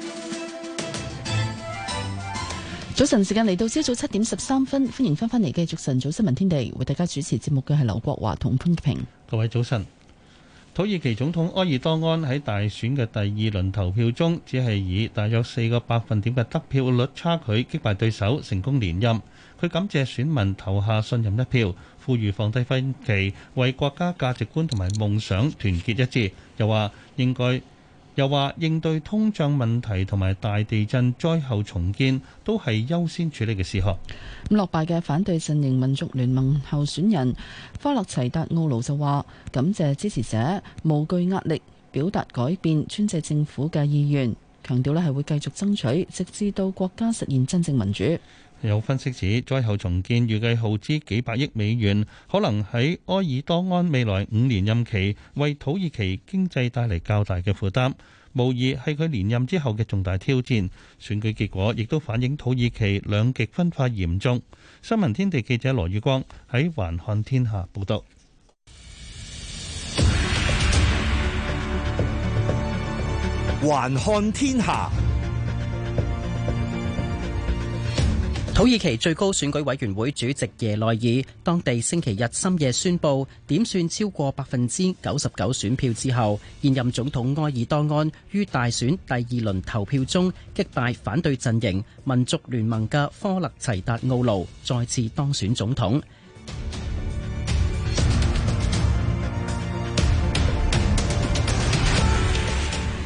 C: 早晨時間嚟到，朝早七點十三分，歡迎翻返嚟繼續《晨早新聞天地》，為大家主持節目嘅係劉國華同潘平。
D: 各位早晨！土耳其總統埃爾多安喺大選嘅第二輪投票中，只係以大約四個百分點嘅得票率差距擊敗對手，成功連任。佢感謝選民投下信任一票，呼籲放低分歧，為國家價值觀同埋夢想團結一致。又話應該。又話應對通脹問題同埋大地震災後重建都係優先處理嘅事項。
C: 落敗嘅反對陣營民族聯盟候選人花洛齊達奧魯就話，感謝支持者無懼壓力表達改變專制政府嘅意願，強調呢係會繼續爭取，直至到國家實現真正民主。
D: 有分析指，災後重建預計耗資幾百億美元，可能喺埃爾多安未來五年任期為土耳其經濟帶嚟較大嘅負擔，無疑係佢連任之後嘅重大挑戰。選舉結果亦都反映土耳其兩極分化嚴重。新聞天地記者羅宇光喺環看天下報道。環看天
A: 下。報導土耳其最高選
P: 舉委員會主席耶內爾，當地星期日深夜宣布，點算超過百分之九十九選票之後，現任總統埃爾多安於大選第二輪投票中擊敗反對陣營民族聯盟嘅科勒齊達奧路，再次當選總統。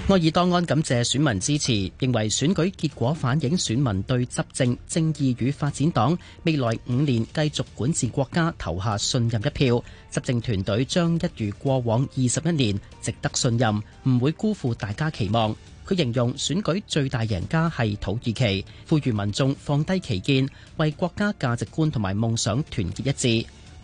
P: 埃爾多安感謝選民支持，認為選舉結果反映選民對執政正義與發展黨未來五年繼續管治國家投下信任一票。執政團隊將一如過往二十一年，值得信任，唔會辜負大家期望。佢形容選舉最大贏家係土耳其，呼籲民眾放低歧見，為國家價值觀同埋夢想團結一致。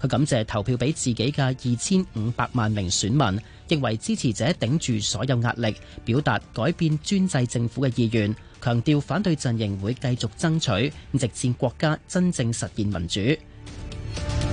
P: 佢感謝投票俾自己嘅二千五百萬名選民，認為支持者頂住所有壓力，表達改變專制政府嘅意願，強調反對陣營會繼續爭取，直至國家真正實現民主。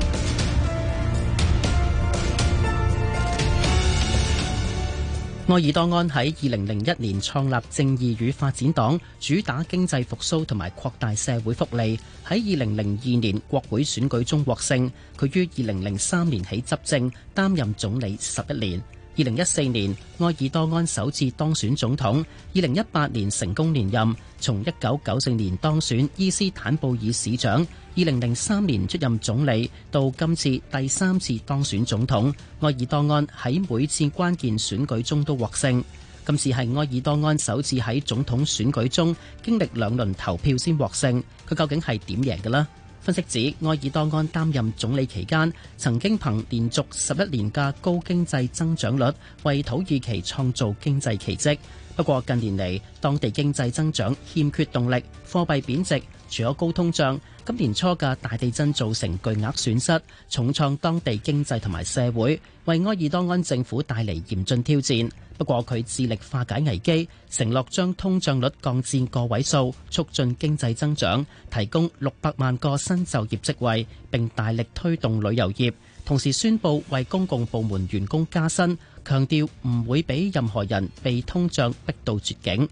P: 愛爾多安喺二零零一年創立正義與發展黨，主打經濟復蘇同埋擴大社會福利。喺二零零二年國會選舉中獲勝，佢於二零零三年起執政，擔任總理十一年。二零一四年，埃爾多安首次當選總統，二零一八年成功連任。從一九九四年當選伊斯坦布爾市長，二零零三年出任總理，到今次第三次當選總統，埃爾多安喺每次關鍵選舉中都獲勝。今次係埃爾多安首次喺總統選舉中經歷兩輪投票先獲勝。佢究竟係點贏嘅咧？分析指，埃爾多安擔任總理期間，曾經憑連續十一年嘅高經濟增長率，為土耳其創造經濟奇蹟。不過近年嚟，當地經濟增長欠缺動力，貨幣貶值，除咗高通脹，今年初嘅大地震造成巨額損失，重創當地經濟同埋社會。為埃爾多安政府帶嚟嚴峻挑戰，不過佢致力化解危機，承諾將通脹率降至個位數，促進經濟增長，提供六百萬個新就業職位，並大力推動旅遊業，同時宣布為公共部門員工加薪，強調唔會俾任何人被通脹逼到絕境。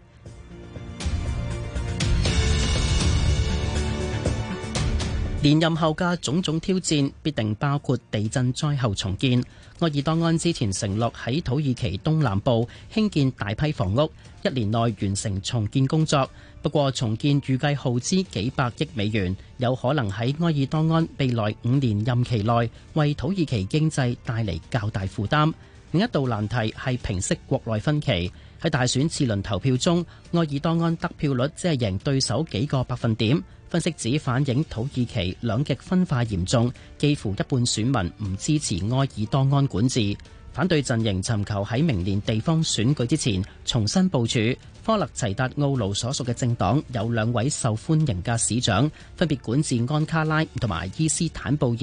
P: 連任後嘅種種挑戰必定包括地震災後重建。埃爾多安之前承諾喺土耳其東南部興建大批房屋，一年內完成重建工作。不過，重建預計耗資幾百億美元，有可能喺埃爾多安未來五年任期內為土耳其經濟帶嚟較大負擔。另一道難題係平息國內分歧。喺大選次輪投票中，埃爾多安得票率只係贏對手幾個百分點。分析指反映土耳其兩極分化嚴重，幾乎一半選民唔支持埃爾多安管治，反對陣營尋求喺明年地方選舉之前重新部署。科勒齊達奧盧所屬嘅政黨有兩位受歡迎嘅市長，分別管治安卡拉同埋伊斯坦布爾。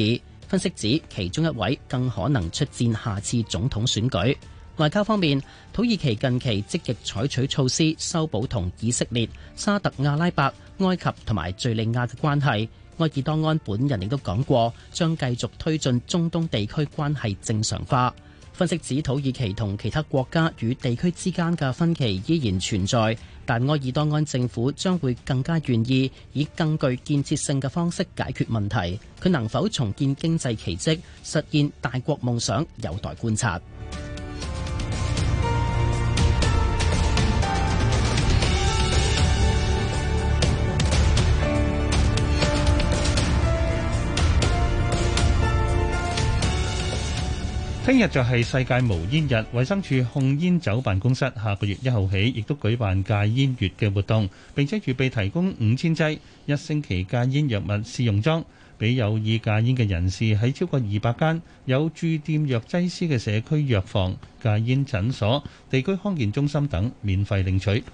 P: 分析指其中一位更可能出戰下次總統選舉。外交方面，土耳其近期積極採取措施修補同以色列、沙特阿拉伯、埃及同埋敘利亞嘅關係。埃爾多安本人亦都講過，將繼續推進中東地區關係正常化。分析指，土耳其同其他國家與地區之間嘅分歧依然存在，但埃爾多安政府將會更加願意以更具建設性嘅方式解決問題。佢能否重建經濟奇跡，實現大國夢想，有待觀察。
D: 聽日就係世界無煙日，衛生署控煙酒辦公室下個月一號起，亦都舉辦戒煙月嘅活動，並且預備提供五千劑一星期戒煙藥物試用裝，俾有意戒煙嘅人士喺超過二百間有駐店藥劑師嘅社區藥房、戒煙診所、地區康健中心等免費領取。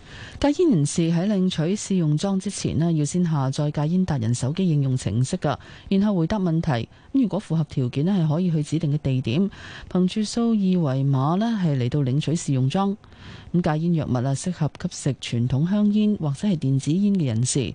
C: 戒煙人士喺領取試用裝之前呢，要先下載戒煙達人手機應用程式嘅，然後回答問題。如果符合條件呢，係可以去指定嘅地點憑住掃二維碼呢係嚟到領取試用裝。戒煙藥物啊，適合吸食傳統香煙或者係電
D: 子煙嘅人士。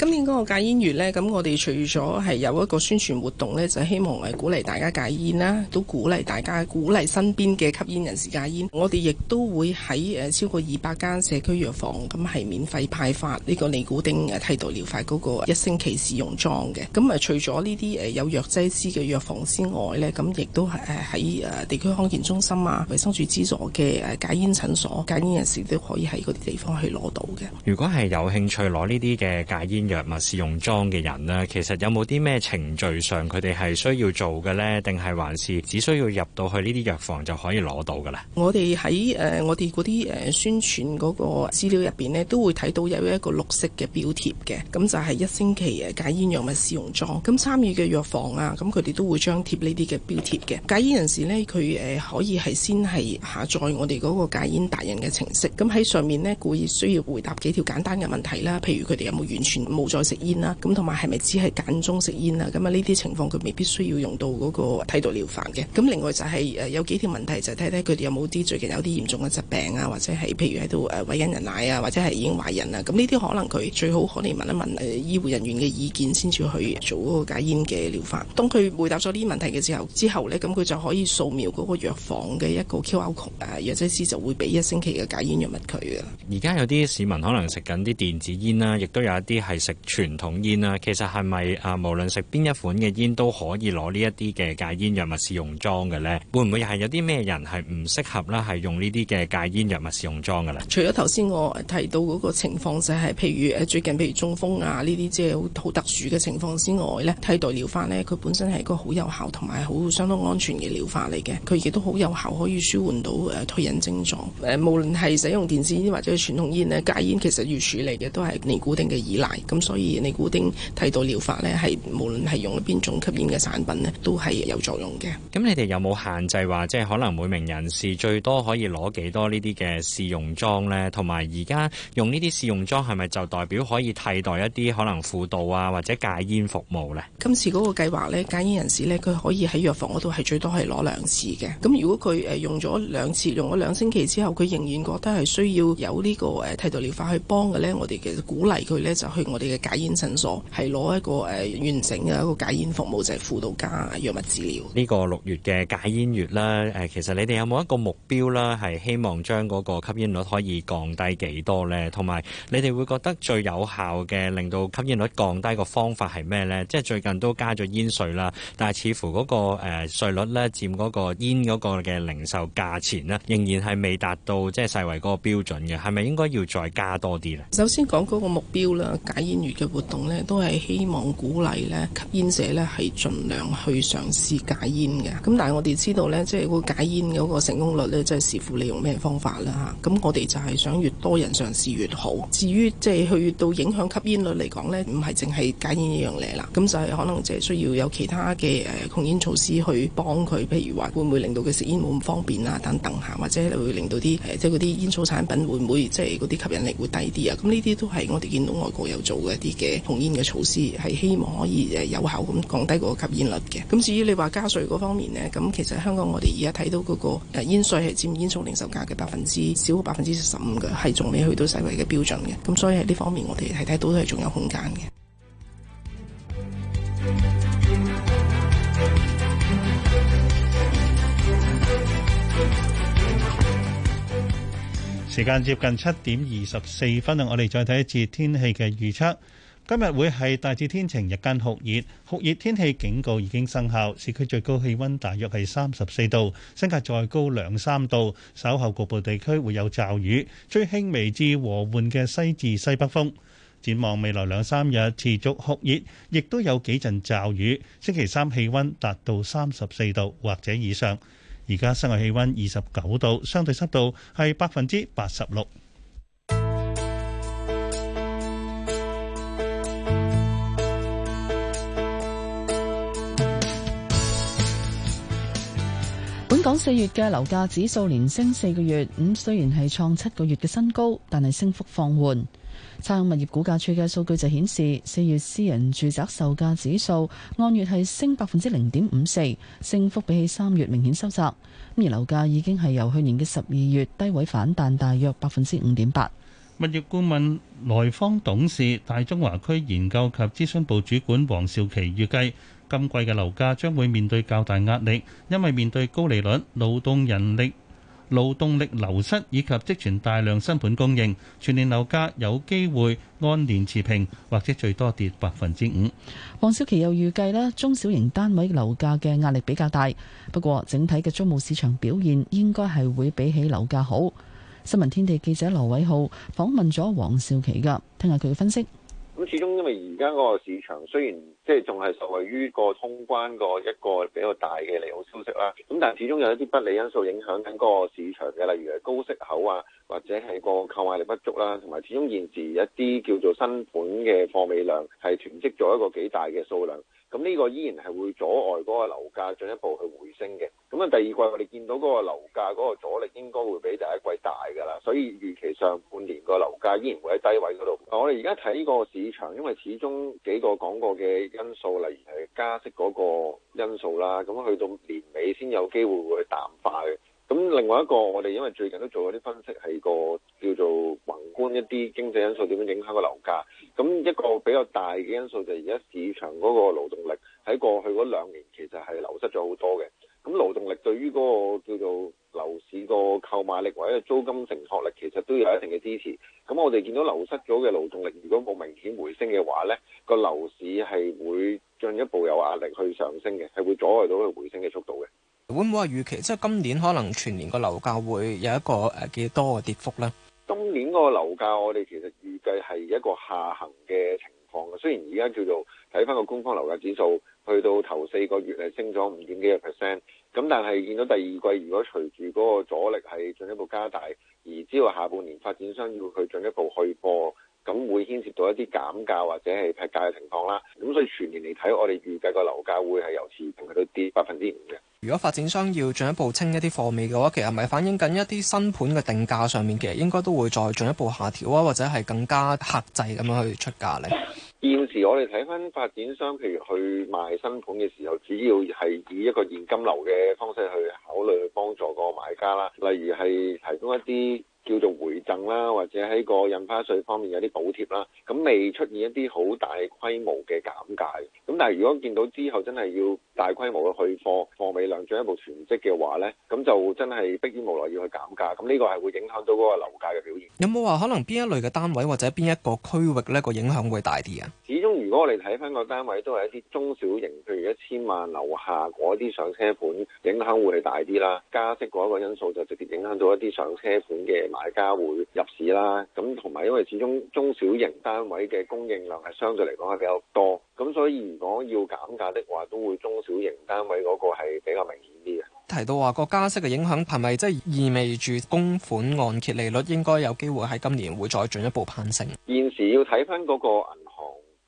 Q: 今年嗰個戒煙月咧，咁我哋除咗係有一個宣傳活動咧，就希望係鼓勵大家戒煙啦，都鼓勵大家鼓勵身邊嘅吸煙人士戒煙。我哋亦都會喺誒超過二百間社區藥房，咁係免費派發呢個尼古丁誒替代療法嗰個一星期試用裝嘅。咁啊，除咗呢啲誒有藥劑師嘅藥房之外咧，咁亦都係誒喺誒地區康健中心啊、衞生署資助嘅誒戒煙診所、戒煙人士都可以喺嗰啲地方去攞到嘅。
J: 如果係有興趣攞呢啲嘅戒煙，藥物試用裝嘅人呢，其實有冇啲咩程序上佢哋係需要做嘅呢？定係還是只需要入到去呢啲藥房就可以攞
Q: 到嘅咧，呃？我哋喺誒我哋嗰啲誒宣傳嗰個資料入邊呢，都會睇到有一個綠色嘅標貼嘅，咁就係一星期誒戒煙藥物試用裝。咁參與嘅藥房啊，咁佢哋都會張貼呢啲嘅標貼嘅。戒煙人士呢，佢誒可以係先係下載我哋嗰個戒煙達人嘅程式，咁喺上面呢，故意需要回答幾條簡單嘅問題啦，譬如佢哋有冇完全。冇再食煙啦，咁同埋係咪只係間中食煙呀？咁啊呢啲情況佢未必需要用到嗰個替代療法嘅。咁另外就係誒有幾條問題，就睇睇佢哋有冇啲最近有啲嚴重嘅疾病啊，或者係譬如喺度誒餵緊人奶啊，或者係已經懷孕啊。咁呢啲可能佢最好可能問一問誒醫護人員嘅意見，先至去做嗰個戒煙嘅療法。當佢回答咗呢啲問題嘅時候之後呢，咁佢就可以掃描嗰個藥房嘅一個 QR code，藥劑師就會俾一星期嘅戒煙藥物佢
J: 噶。而家有啲市民可能食緊啲電子煙啦，亦都有一啲係。食傳統煙啊，其實係咪啊？無論食邊一款嘅煙都可以攞呢一啲嘅戒煙藥物試用裝嘅咧？會唔會係有啲咩人係唔適合啦？係用呢啲嘅戒煙藥物試用裝噶咧？
Q: 除咗頭先我提到嗰個情況，就係譬如誒最近譬如中風啊呢啲，即係好好特殊嘅情況之外咧，替代療法咧，佢本身係一個好有效同埋好相當安全嘅療法嚟嘅。佢亦都好有效，可以舒緩到誒退癮症狀。誒、呃，無論係使用電子煙或者傳統煙咧，戒煙其實要處理嘅都係尼古丁嘅依賴。咁所以尼古丁替代療法咧，係無論係用邊種吸煙嘅產品咧，都係有作用嘅。
J: 咁你哋有冇限制話，即係可能每名人士最多可以攞幾多呢啲嘅試用裝咧？同埋而家用呢啲試用裝，係咪就代表可以替代一啲可能輔導啊或者戒煙服
Q: 務咧？今次嗰個計劃咧，戒煙人士咧，佢可以喺藥房嗰度係最多係攞兩次嘅。咁如果佢誒用咗兩次，用咗兩星期之後，佢仍然覺得係需要有呢個誒替代療法去幫嘅咧，我哋其實鼓勵佢咧就去我哋嘅戒煙診所係攞一個誒完整嘅一個戒煙服務，就係輔導加藥物治療。
J: 呢個六月嘅戒煙月啦，誒，其實你哋有冇一個目標啦？係希望將嗰個吸煙率可以降低幾多咧？同埋你哋會覺得最有效嘅令到吸煙率降低個方法係咩咧？即係最近都加咗煙稅啦，但係似乎嗰個誒稅率咧，佔嗰個煙嗰個嘅零售價錢咧，仍然係未達到即係世衞嗰個標準嘅，係咪應該要再加多啲咧？
Q: 首先講嗰個目標啦，戒煙月嘅活動咧，都係希望鼓勵咧吸煙者咧係盡量去嘗試戒煙嘅。咁但係我哋知道咧，即係個戒煙嘅嗰個成功率咧，即係視乎你用咩方法啦嚇。咁我哋就係想越多人嘗試越好。至於即係去到影響吸煙率嚟講咧，唔係淨係戒煙一樣嘢啦。咁就係可能即係需要有其他嘅誒控煙措施去幫佢，譬如話會唔會令到佢食煙冇咁方便啊等等嚇，或者會令到啲誒即係嗰啲煙草產品會唔會即係嗰啲吸引力會低啲啊？咁呢啲都係我哋見到外國有做。一啲嘅控煙嘅措施，係希望可以誒有效咁降低個吸煙率嘅。咁至於你話加稅嗰方面咧，咁其實香港我哋而家睇到嗰個誒煙稅係佔煙草零售價嘅百分之少百分之十五嘅，係仲未去到世衛嘅標準嘅。咁所以喺呢方面我哋係睇到都係仲有空間嘅。
D: 時間接近七點二十四分啊，我哋再睇一次天氣嘅預測。今日會係大致天晴，日間酷熱，酷熱天氣警告已經生效。市區最高氣溫大約係三十四度，新界再高兩三度。稍後局部地區會有驟雨，吹輕微至和緩嘅西至西北風。展望未來兩三日持續酷熱，亦都有幾陣驟雨。星期三氣溫達到三十四度或者以上。而家室外氣溫二十九度，相對濕度係百分之八十六。
C: 本港四月嘅樓價指數連升四個月，咁雖然係創七個月嘅新高，但係升幅放緩。差餉物業估價署嘅數據就顯示，四月私人住宅售價指數按月係升百分之零點五四，升幅比起三月明顯收窄。咁而樓價已經係由去年嘅十二月低位反彈大約百分之五點八。
D: 物業顧問萊坊董事、大中華區研究及諮詢部主管王兆麒預計，今季嘅樓價將會面對較大壓力，因為面對高利率、勞動人力。勞動力流失以及積存大量新盤供應，全年樓價有機會按年持平或者最多跌百分之五。
C: 黃少祺又預計咧，中小型單位樓價嘅壓力比較大，不過整體嘅租務市場表現應該係會比起樓價好。新聞天地記者劉偉浩訪問咗黃少祺㗎，聽下佢嘅分析。
R: 咁始終因為而家嗰個市場雖然即係仲係受惠於個通關個一個比較大嘅利好消息啦，咁但係始終有一啲不利因素影響緊嗰個市場嘅，例如係高息口啊，或者係個購買力不足啦、啊，同埋始終現時一啲叫做新盤嘅貨尾量係囤積咗一個幾大嘅數量。咁呢個依然係會阻礙嗰個樓價進一步去回升嘅。咁啊，第二季我哋見到嗰個樓價嗰個阻力應該會比第一季大㗎啦。所以預期上半年個樓價依然會喺低位嗰度。我哋而家睇個市場，因為始終幾個講過嘅因素，例如係加息嗰個因素啦，咁去到年尾先有機會會淡化嘅。咁另外一個我哋因為最近都做咗啲分析，係個叫做宏觀一啲經濟因素點樣影響個樓價。咁一個比較大嘅因素就係而家市場嗰個勞動力喺過去嗰兩年其實係流失咗好多嘅。咁勞動力對於嗰個叫做樓市個購買力或者租金承托力其實都有一定嘅支持。咁我哋見到流失咗嘅勞動力，如果冇明顯回升嘅話呢，咧個樓市係會進一步有壓力去上升嘅，係會阻礙到佢回升嘅速度嘅。
F: 會唔會話預期，即係今年可能全年個樓價會有一個誒、呃、幾多嘅跌幅咧？
R: 今年嗰個樓價，我哋其實預計係一個下行嘅情況嘅。雖然而家叫做睇翻個官方樓價指數，去到頭四個月係升咗五點幾個 percent，咁但係見到第二季，如果隨住嗰個阻力係進一步加大，而之後下半年發展商要去進一步去貨。咁會牽涉到一啲減價或者係劈價嘅情況啦，咁所以全年嚟睇，我哋預計個樓價會係由持平去到跌百分之五
F: 嘅。如果發展商要進一步清清一啲貨尾嘅話，其實咪反映緊一啲新盤嘅定價上面，其實應該都會再進一步下調啊，或者係更加克制咁樣去
R: 出價呢。現時我哋睇翻發展商，譬如去賣新盤嘅時候，主要係以一個現金流嘅方式去考慮，去幫助個買家啦，例如係提供一啲。叫做回贈啦，或者喺個印花稅方面有啲補貼啦。咁未出現一啲好大規模嘅減價。咁但係如果見到之後真係要大規模嘅去貨，貨尾量進一步囤積嘅話咧，咁就真係迫於無奈要去減價，咁呢個係會影響到嗰個樓價嘅表現。
F: 有冇話可能邊一類嘅單位或者邊一個區域咧個影響會大啲啊？
R: 始終如果我哋睇翻個單位都係一啲中小型，譬如一千萬樓下嗰啲上車盤，影響會係大啲啦。加息嗰一個因素就直接影響到一啲上車盤嘅。大家會入市啦，咁同埋因為始終中小型單位嘅供應量係相對嚟講係比較多，咁所以如果要減價的話，都會中小型單位嗰個係比較明顯啲嘅。
F: 提到話個加息嘅影響係咪即係意味住供款按揭利率應該有機會喺今年會再進一步攀升？
R: 現時要睇翻嗰個銀行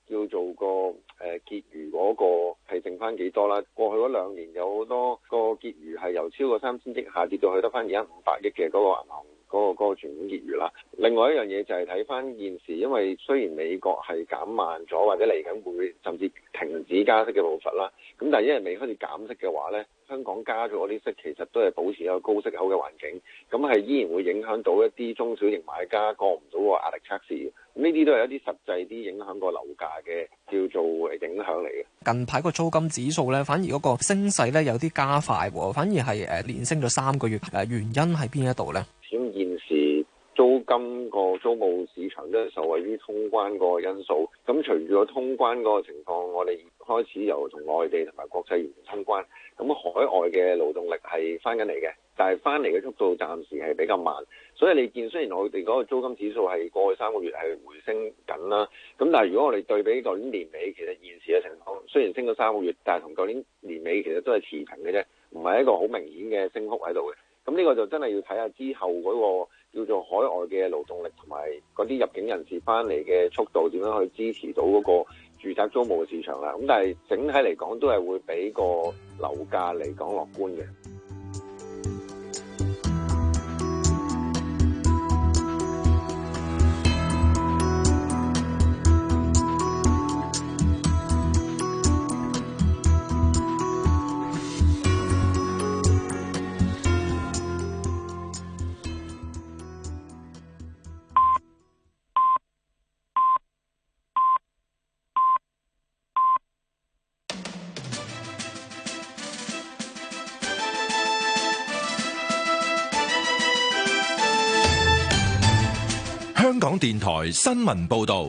R: 叫做個誒、呃、結餘嗰個係剩翻幾多啦？過去嗰兩年有好多個結餘係由超過三千億下跌到去得翻而家五百億嘅嗰個銀行。嗰個嗰個存款結餘啦。另外一樣嘢就係睇翻現時，因為雖然美國係減慢咗，或者嚟緊會甚至停止加息嘅步伐啦。咁但係因為未開始減息嘅話呢，香港加咗嗰啲息，其實都係保持一個高息口嘅環境。咁係依然會影響到一啲中小型買家過唔到個壓力測試。呢啲都係一啲實際啲影響個樓價嘅叫做影響嚟嘅。
F: 近排個租金指數呢，反而嗰個升勢呢有啲加快喎，反而係誒連升咗三個月。誒原因喺邊一度呢？
R: 咁現時租金個租務市場都係受惠於通關個因素。咁隨住個通關嗰個情況，我哋開始由同內地同埋國際完全通關。咁海外嘅勞動力係翻緊嚟嘅，但係翻嚟嘅速度暫時係比較慢。所以你見雖然我哋嗰個租金指數係過去三個月係回升緊啦。咁但係如果我哋對比舊年年尾，其實現時嘅情況雖然升咗三個月，但係同舊年年尾其實都係持平嘅啫，唔係一個好明顯嘅升幅喺度嘅。咁呢個就真係要睇下之後嗰個叫做海外嘅勞動力同埋嗰啲入境人士返嚟嘅速度點樣去支持到嗰個住宅租務嘅市場啦。咁但係整體嚟講都係會俾個樓價嚟講樂觀嘅。
A: 電台新聞報道：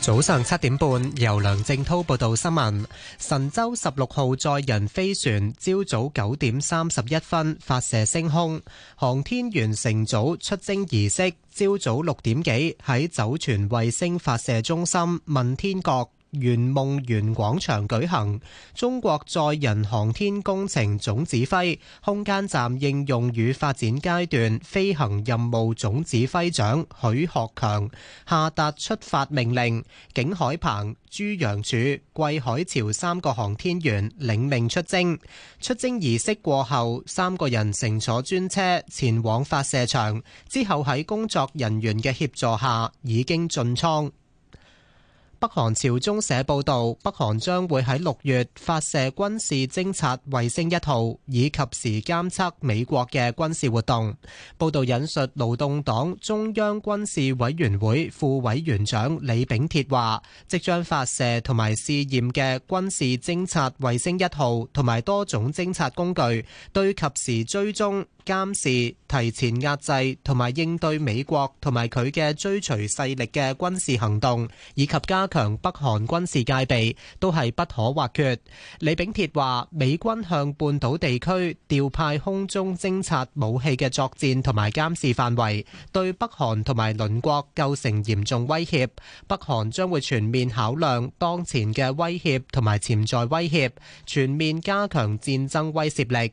A: 早
B: 上七點半，由梁正濤報道新聞。神舟十六號載人飛船朝早九點三十一分發射升空，航天員乘組出征儀式朝早六點幾喺酒泉衛星發射中心問天閣。圓夢園廣場舉行中國載人航天工程總指揮、空間站應用與發展階段飛行任務總指揮長許學強下達出發命令，景海鵬、朱楊柱、桂海潮三個航天員領命出征。出征儀式過後，三個人乘坐專車前往發射場，之後喺工作人員嘅協助下，已經進艙。北韓朝中社報道，北韓將會喺六月發射軍事偵察衛星一號，以及時監測美國嘅軍事活動。報道引述勞動黨中央軍事委員會副委員長李炳鐵話，即將發射同埋試驗嘅軍事偵察衛星一號同埋多種偵察工具，對及時追蹤。監視、提前壓制同埋應對美國同埋佢嘅追隨勢力嘅軍事行動，以及加強北韓軍事戒備，都係不可或缺。李炳鐵話：美軍向半島地區調派空中偵察武器嘅作戰同埋監視範圍，對北韓同埋鄰國構成嚴重威脅。北韓將會全面考量當前嘅威脅同埋潛在威脅，全面加強戰爭威懾力。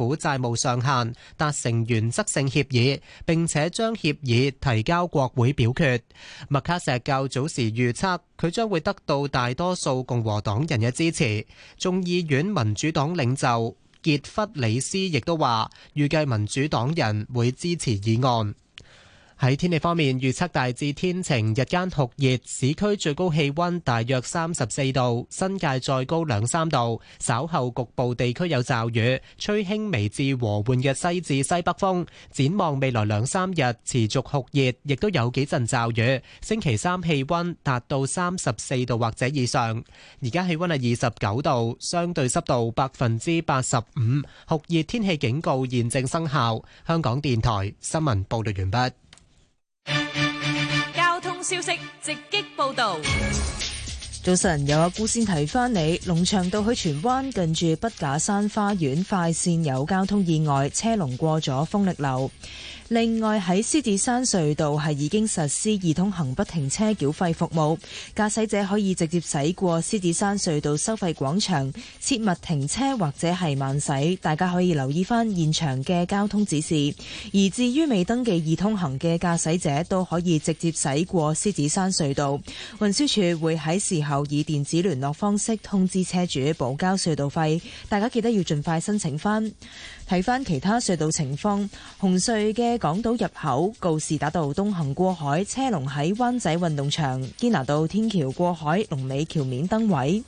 B: 府債務上限達成原則性協議，並且將協議提交國會表決。麥卡錫較早時預測，佢將會得到大多數共和黨人嘅支持。眾議院民主黨領袖傑弗里斯亦都話，預計民主黨人會支持議案。喺天氣方面，預測大致天晴，日間酷熱，市區最高氣溫大約三十四度，新界再高兩三度。稍後局部地區有驟雨，吹輕微至和緩嘅西至西北風。展望未來兩三日持續酷熱，亦都有幾陣驟雨。星期三氣溫達到三十四度或者以上。而家氣溫係二十九度，相對濕度百分之八十五，酷熱天氣警告現正生效。香港電台新聞報道完畢。
K: 交通消息直擊報
C: 道。
L: 早晨，有阿姑先提翻你，龍翔道去荃灣近住畢架山花園快線有交通意外，車龍過咗風力樓。另外喺獅子山隧道係已經實施易通行不停車繳費服務，駕駛者可以直接駛過獅子山隧道收費廣場，切勿停車或者係慢駛。大家可以留意翻現場嘅交通指示。而至於未登記易通行嘅駕駛者，都可以直接駛過獅子山隧道。運輸署會喺事後以電子聯絡方式通知車主補交隧道費，大家記得要盡快申請翻。睇翻其他隧道情況，紅隧嘅港島入口告士打道東行過海車龍喺灣仔運動場，堅拿道天橋過海龍尾橋面燈位；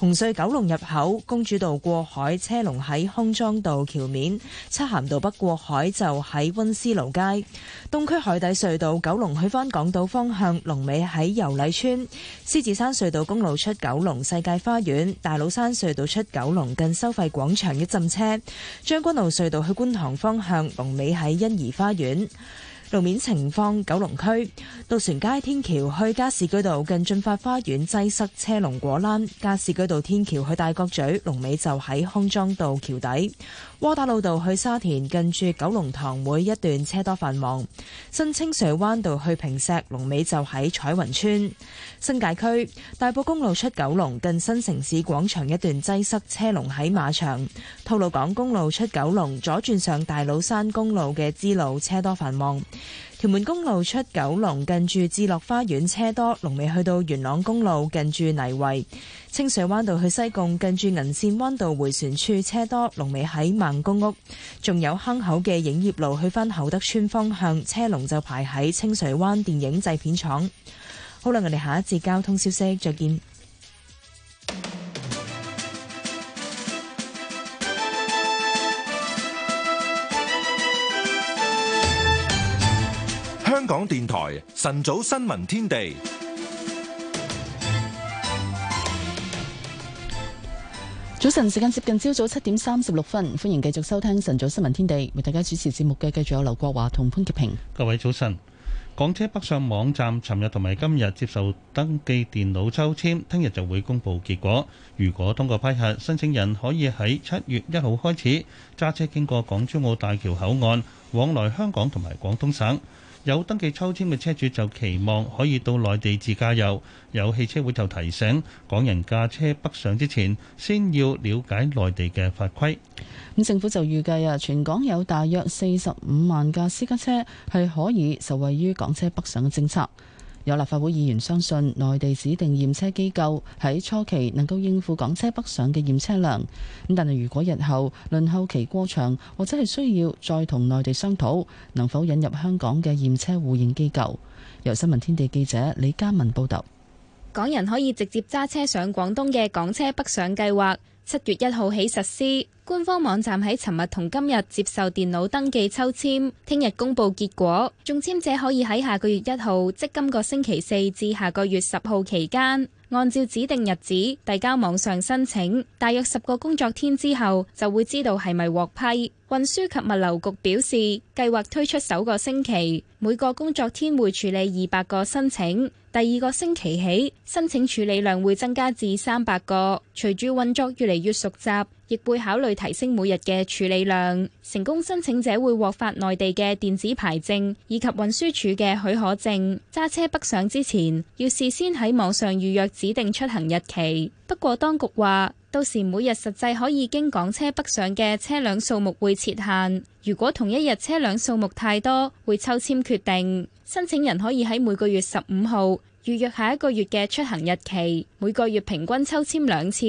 L: 紅隧九龍入口公主道過海車龍喺康莊道橋面，漆咸道北過海就喺溫思勞街。東區海底隧道九龍去翻港島方向，龍尾喺油禮村；獅子山隧道公路出九龍世界花園，大老山隧道出九龍近收費廣場一陣車；將軍澳隧道去觀塘方向，龍尾喺欣怡花園。路面情況：九龍區渡船街天橋去加士居道近駿發花園擠塞車龍果欄；加士居道天橋去大角咀，龍尾就喺康莊道橋底。窩打老道去沙田近住九龍塘會一段車多繁忙。新清水灣道去坪石，龍尾就喺彩雲村。新界區大埔公路出九龍近新城市廣場一段擠塞車龍喺馬場，吐露港公路出九龍左轉上大老山公路嘅支路車多繁忙。屯門公路出九龍近住智樂花園，車多，龍尾去到元朗公路近住泥圍。清水灣道去西貢近住銀線灣道回旋處車多，龍尾喺孟公屋。仲有坑口嘅影業路去翻厚德村方向，車龍就排喺清水灣電影製片廠。好啦，我哋下一節交通消息再見。
A: 香港電台晨早新聞天地，
C: 早晨時間接近朝早七點三十六分，歡迎繼續收聽晨早新聞天地，為大家主持節目嘅繼續有劉國華同
D: 潘潔平。各位早晨，港車北上網站尋日同埋今日接受登記電腦抽簽，聽日就會公布結果。如果通過批核，申請人可以喺七月一號開始揸車經過港珠澳大橋口岸往來香港同埋廣東省。有登記抽籤嘅車主就期望可以到內地自駕遊，有汽車會就提醒港人駕車北上之前，先要了解內地嘅法規。
C: 咁政府就預計啊，全港有大約四十五萬架私家車係可以受惠於港車北上嘅政策。有立法會議員相信，內地指定驗車機構喺初期能夠應付港車北上嘅驗車量。咁但係如果日後輪候期過長，或者係需要再同內地商討能否引入香港嘅驗車互認機構。由新聞天地記者李嘉文報道。
K: 港人可以直接揸車上廣東嘅港車北上計劃，七月一號起實施。官方網站喺尋日同今日接受電腦登記抽籤，聽日公佈結果。中籤者可以喺下個月一號，即今個星期四至下個月十號期間，按照指定日子遞交網上申請。大約十個工作天之後就會知道係咪獲批。運輸及物流局表示，計劃推出首個星期每個工作天會處理二百個申請，第二個星期起申請處理量會增加至三百個，隨住運作越嚟越熟習。亦會考慮提升每日嘅處理量，成功申請者會獲發內地嘅電子牌證以及運輸署嘅許可證。揸車北上之前，要事先喺網上預約指定出行日期。不過，當局話，到時每日實際可以經港車北上嘅車輛數目會設限，如果同一日車輛數目太多，會抽籤決定。申請人可以喺每個月十五號預約下一個月嘅出行日期，每個月平均抽籤兩次。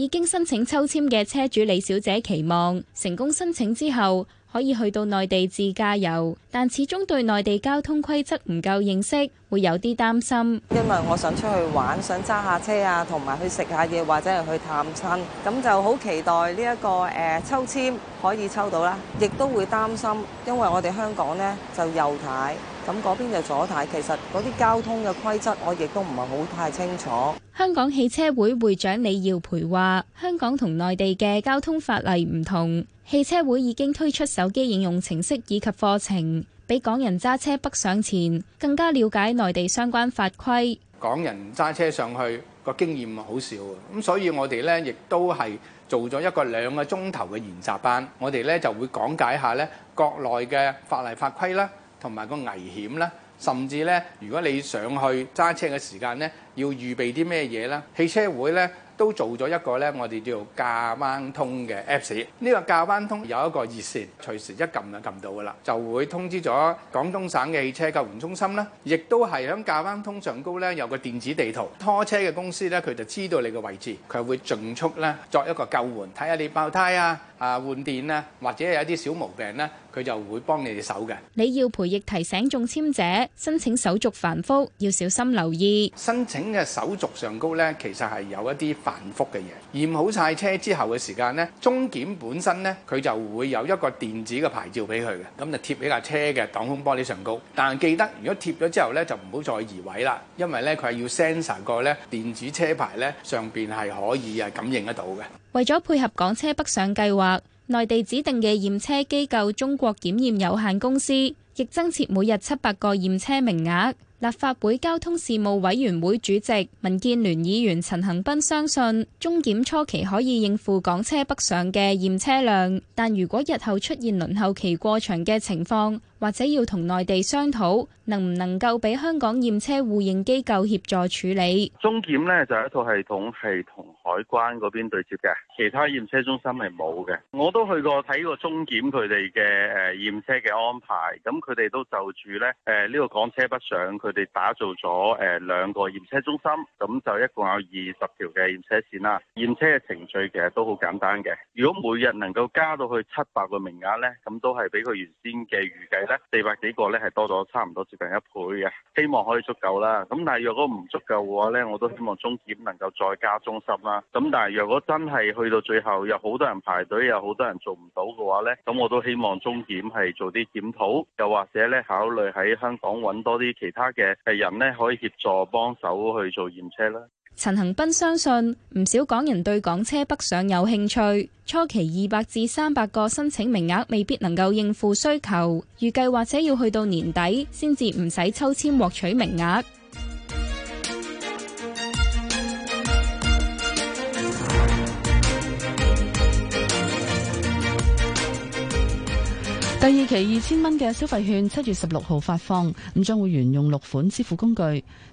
K: 已經申請抽籤嘅車主李小姐期望成功申請之後可以去到內地自駕遊，但始終對內地交通規則唔夠認識，會有啲擔心。
G: 因為我想出去玩，想揸下車啊，同埋去食下嘢或者係去探親，咁就好期待呢一個誒抽籤可以抽到啦，亦都會擔心，因為我哋香港呢，就右軚。咁嗰邊就左太，其實嗰啲交通嘅規則我亦都唔係好太
Q: 清楚。
K: 香港汽車會會長李耀培話：香港同內地嘅交通法例唔同，汽車會已經推出手機應用程式以及課程，俾港人揸車北上前更加了解內地相關法規。
S: 港人揸車上去個經驗好少，咁所以我哋咧亦都係做咗一個兩個鐘頭嘅研習班，我哋咧就會講解下咧國內嘅法例法規啦。同埋個危險啦，甚至呢，如果你上去揸車嘅時間呢，要預備啲咩嘢咧？汽車會呢都做咗一個呢，我哋叫做駕灣通嘅 Apps。呢個駕灣通有一個熱線，隨時一撳就撳到噶啦，就會通知咗廣東省嘅汽車救援中心啦。亦都係響駕灣通上高呢有個電子地圖，拖車嘅公司呢佢就知道你嘅位置，佢會盡速呢作一個救援，睇下你爆胎啊、啊換電啊，或者有啲小毛病咧。佢就會幫你哋手嘅。李耀培亦提醒中簽者，申請手續繁複，要小心留意。申請嘅手續上高咧，其實係有一啲繁複嘅嘢。驗好晒車之後嘅時間呢，中檢本身咧，佢就會有一個電子嘅牌照俾佢嘅，咁就貼喺架車嘅擋風玻璃上高。但係記得，如果貼咗之後咧，就唔好再移位啦，因為咧佢係要 sensor 個咧電子車牌咧上邊係可以係感應得到嘅。
K: 為咗配合港車北上計劃。內地指定嘅驗車機構中國檢驗有限公司亦增設每日七百個驗車名額。立法會交通事務委員會主席、民建聯議員陳恒鑌相信，中檢初期可以應付港車北上嘅驗車量，但如果日後出現輪候期過長嘅情況，或者要同內地商討，能唔能夠俾香港驗車互認機構協助處理？
D: 中檢呢就係一套系統，係同海關嗰邊對接嘅，其他驗車中心係冇嘅。我都去過睇過中檢佢哋嘅誒驗車嘅安排，咁佢哋都就住呢誒呢個港車北上，佢哋打造咗誒兩個驗車中心，咁就一共有二十條嘅驗車線啦。驗車嘅程序其實都好簡單嘅，如果每日能夠加到去七百個名額呢，咁都係比佢原先嘅預計。四百幾個咧係多咗差唔多接近一倍嘅，希望可以足夠啦。咁但係若果唔足夠嘅話咧，我都希望中檢能夠再加中心啦。咁但係若果真係去到最後有好多人排隊，有好多人做唔到嘅話咧，咁我都希望中檢係做啲檢討，又或者咧考慮喺香港揾多啲其他嘅人咧可以協助幫手去做驗車啦。
K: 陳恒斌相信唔少港人對港車北上有興趣，初期二百至三百個申請名額未必能夠應付需求，預計或者要去到年底先至唔使抽籤獲取名額。
C: 第二期二千蚊嘅消費券七月十六號發放，咁將會沿用六款支付工具，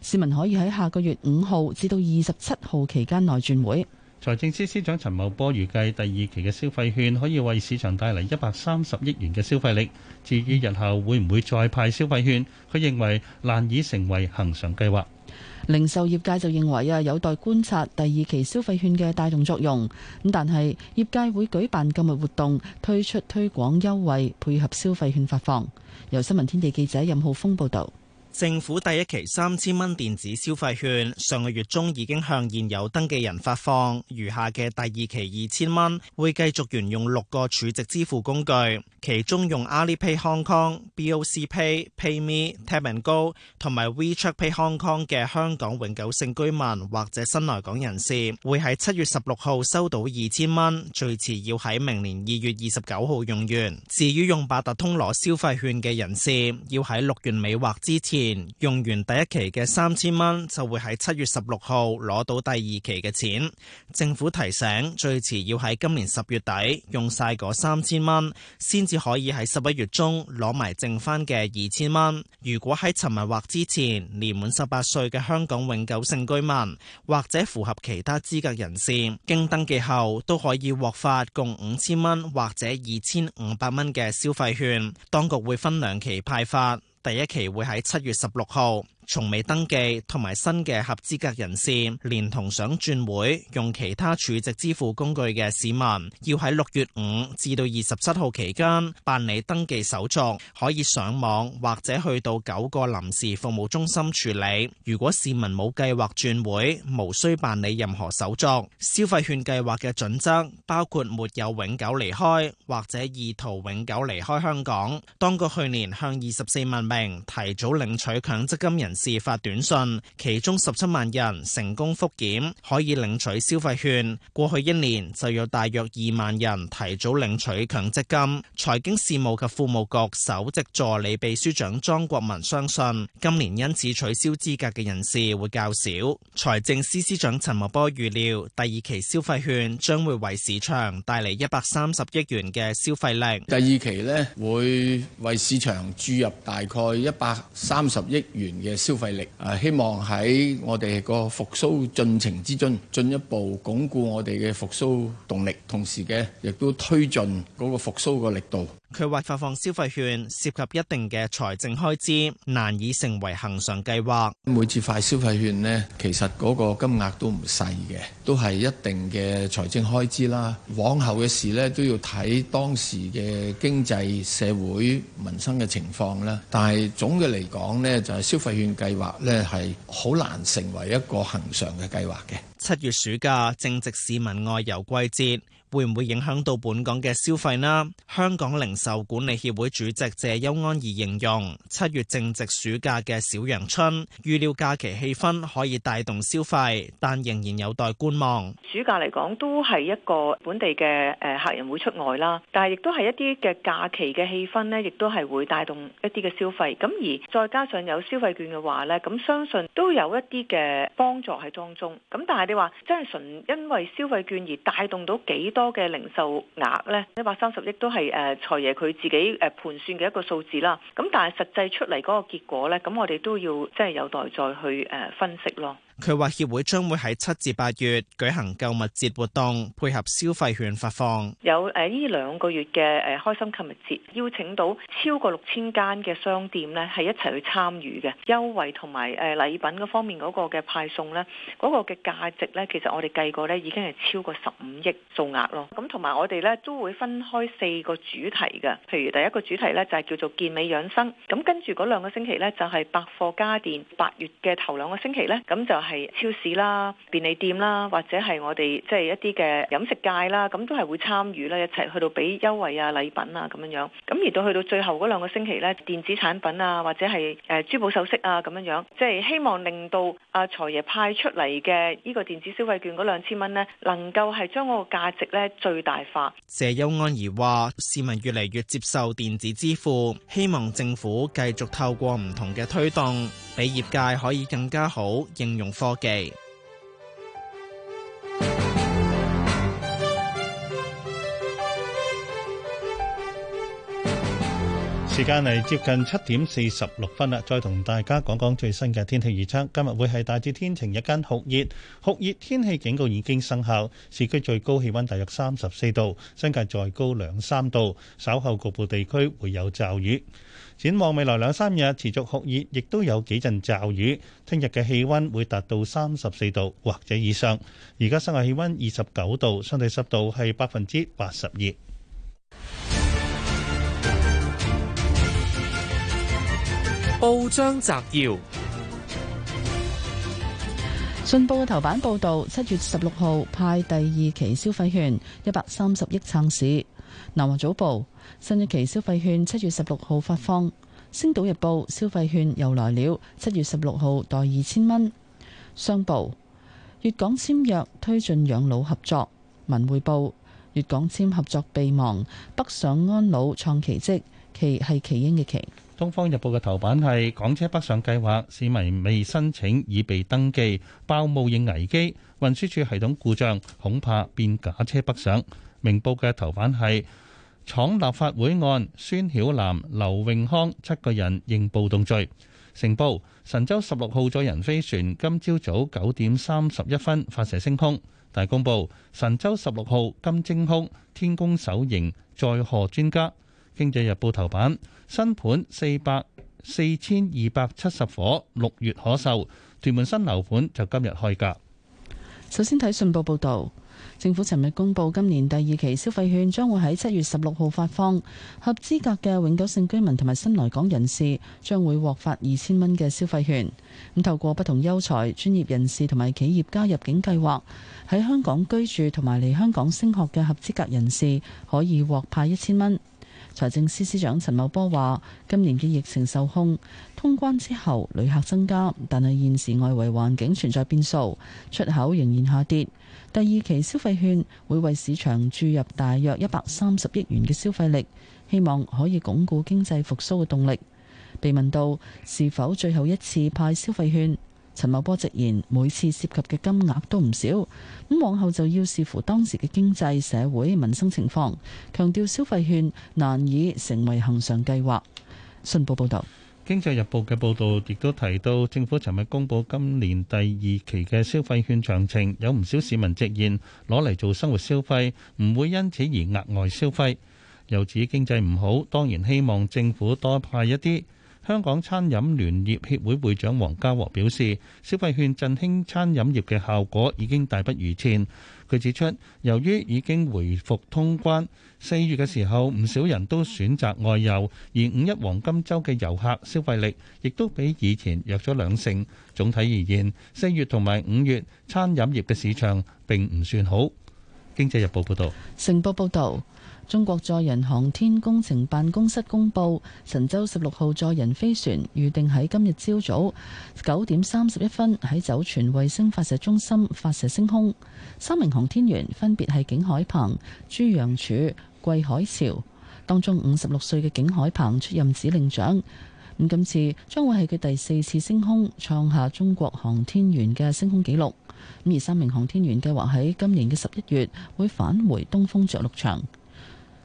C: 市民可以喺下個月五號至到二十七號期間內轉會。
D: 財政司司長陳茂波預計第二期嘅消費券可以為市場帶嚟一百三十億元嘅消費力。至於日後會唔會再派消費券，佢認為難以成為恆常計劃。
C: 零售業界就認為啊，有待觀察第二期消費券嘅帶動作用。咁但係業界會舉辦購物活動，推出推廣優惠，配合消費券發放。由新聞天地記者任浩峰報導。
T: 政府第一期三千蚊電子消費券上個月中已經向現有登記人發放，餘下嘅第二期二千蚊會繼續沿用六個儲值支付工具，其中用 Alipay Hong Kong、BOC Pay、PayMe、Tap & Go 同埋 WeChat Pay Hong Kong 嘅香港永久性居民或者新來港人士，會喺七月十六號收到二千蚊，最遲要喺明年二月二十九號用完。至於用八達通攞消費券嘅人士，要喺六月尾或之前。用完第一期嘅三千蚊，就會喺七月十六號攞到第二期嘅錢。政府提醒，最遲要喺今年十月底用晒嗰三千蚊，先至可以喺十一月中攞埋剩翻嘅二千蚊。如果喺尋日或之前年滿十八歲嘅香港永久性居民或者符合其他資格人士，經登記後都可以獲發共五千蚊或者二千五百蚊嘅消費券。當局會分兩期派發。第一期會喺七月十六號。從未登記同埋新嘅合資格人士，連同想轉會用其他儲值支付工具嘅市民，要喺六月五至到二十七號期間辦理登記手續，可以上網或者去到九個臨時服務中心處理。如果市民冇計劃轉會，無需辦理任何手續。消費券計劃嘅準則包括沒有永久離開或者意圖永久離開香港。當局去年向二十四萬名提早領取強積金人，事發短信，其中十七萬人成功復檢，可以領取消費券。過去一年就有大約二萬人提早領取強積金。財經事務及庫務局首席助理秘書長莊國文相信，今年因此取消資格嘅人士會較少。財政司司長陳茂波預料，第二期消費券將會為市場帶嚟一百三十億元嘅消費力。第二期呢會為市場注入
O: 大概一百三十億元嘅。消費力啊，希望喺我哋個復甦進程之中，進一步鞏固我哋嘅復甦動力，同時嘅亦
T: 都推進嗰個復甦嘅力度。佢話發放消費券涉及一定嘅財政開支，
O: 難以成為恆常計劃。每次發消費券呢，其實嗰個金額都唔細嘅，都係一定嘅財政開支啦。往後嘅事呢，都要睇當時嘅經濟、社會、民生嘅情況啦。但係總嘅嚟講呢，就係、是、消費券計劃呢，係好難成為一個恆常嘅計劃嘅。
T: 七月暑假正值市民外遊季節。會唔會影響到本港嘅消費呢？香港零售管理協會主席謝邱安儀形容七月正值暑假嘅小陽春，預料假期氣氛，可以帶動消費，但仍然有待觀望。
G: 暑假嚟講都係一個本地嘅誒客人會出外啦，但係亦都係一啲嘅假期嘅氣氛呢，亦都係會帶動一啲嘅消費。咁而再加上有消費券嘅話呢，咁相信都有一啲嘅幫助喺當中。咁但係你話真係純因為消費券而帶動到幾多？多嘅零售額咧一百三十億都係誒財爺佢自己誒盤、呃、算嘅一個數字啦，咁但係實際出嚟嗰個結果咧，咁我哋都要即係有待再去誒、呃、分析咯。
T: 佢話協會將會喺七至八月舉行購物節活動，配合消費券發放。
G: 有誒呢兩個月嘅誒開心購物節，邀請到超過六千間嘅商店呢係一齊去參與嘅優惠同埋誒禮品嗰方面嗰個嘅派送呢嗰、嗰個嘅價值呢，其實我哋計過呢已經係超過十五億數額咯。咁同埋我哋呢都會分開四個主題嘅，譬如第一個主題呢就係叫做健美養生。咁跟住嗰兩個星期呢，就係百貨家電。八月嘅頭兩個星期呢。咁就是。係超市啦、便利店啦，或者係我哋即係一啲嘅飲食界啦，咁都係會參與啦，一齊去到俾優惠啊、禮品啊咁樣樣，咁而到去到最後嗰兩個星期咧，電子產品啊，或者係誒珠寶首飾啊咁樣樣，即係希望令到阿財爺派出嚟嘅呢個電子消費券嗰兩千蚊咧，能夠係將嗰個價值咧最大化。
T: 謝邱安儀話市民越嚟越接受電子支付，希望政府繼續透過唔同嘅推動俾業界可以更加好應用。科技。
D: 時間係接近七點四十六分啦，再同大家講講最新嘅天氣預測。今日會係大致天晴，一間酷熱，酷熱天氣警告已經生效。市區最高氣温大約三十四度，新界再高兩三度。稍後局部地區會有驟雨。展望未來兩三日持續酷熱，亦都有幾陣驟雨。聽日嘅氣温會達到三十四度或者以上。而家室外氣温二十九度，相對濕度係百分之八十二。
J: 報章摘要：
C: 《信報》嘅頭版報道，七月十六號派第二期消費券一百三十億撐市。《南華早報》新一期消費券七月十六號發放。《星島日報》消費券又來了，七月十六號代二千蚊。《商報》粵港簽約推進養老合作。《文匯報》粵港簽合作備忘，北上安老創奇蹟。其係奇英嘅奇。
D: 《東方日報》嘅頭版係港車北上計劃，市民未申請已被登記；爆冒認危機，運輸署系統故障，恐怕變假車北上。《明報》嘅頭版係闖立法會案，孫曉嵐、劉永康七個人認暴動罪。《成報》神舟十六號載人飛船今朝早九點三十一分發射升空。大公報，神舟十六號今升空，天宮首型載荷專家。《經濟日報》頭版。新盤四百四千二百七十伙，六月可售。屯門新樓盤就今日開價。
C: 首先睇信報報導，政府尋日公布今年第二期消費券將會喺七月十六號發放，合資格嘅永久性居民同埋新來港人士將會獲發二千蚊嘅消費券。咁透過不同優才、專業人士同埋企業加入境計劃，喺香港居住同埋嚟香港升學嘅合資格人士可以獲派一千蚊。財政司司長陳茂波話：今年嘅疫情受控，通關之後旅客增加，但係現時外圍環境存在變數，出口仍然下跌。第二期消費券會為市場注入大約一百三十億元嘅消費力，希望可以鞏固經濟復甦嘅動力。被問到是否最後一次派消費券？陳茂波直言，每次涉及嘅金額都唔少，咁往後就要視乎當時嘅經濟社會民生情況，強調消費券難以成為恆常計劃。信報報道，
D: 《經濟日報》嘅報道亦都提到，政府尋日公布今年第二期嘅消費券詳情，有唔少市民直言攞嚟做生活消費，唔會因此而額外消費。又指經濟唔好，當然希望政府多派一啲。香港餐飲聯業協會會長黃家和表示，消費券振興餐飲業嘅效果已經大不如前。佢指出，由於已經回復通關，四月嘅時候唔少人都選擇外遊，而五一黃金周嘅遊客消費力亦都比以前弱咗兩成。總體而言，四月同埋五月餐飲業嘅市場並唔算好。經濟日報報道，
C: 成報報道。中國載人航天工程辦公室公布，神舟十六號載人飛船預定喺今日朝早九點三十一分喺酒泉衛星發射中心發射升空。三名航天員分別係景海鵬、朱楊柱、桂海潮，當中五十六歲嘅景海鵬出任指令長。咁今次將會係佢第四次升空，創下中國航天員嘅升空紀錄。咁而三名航天員計劃喺今年嘅十一月會返回東風着陸場。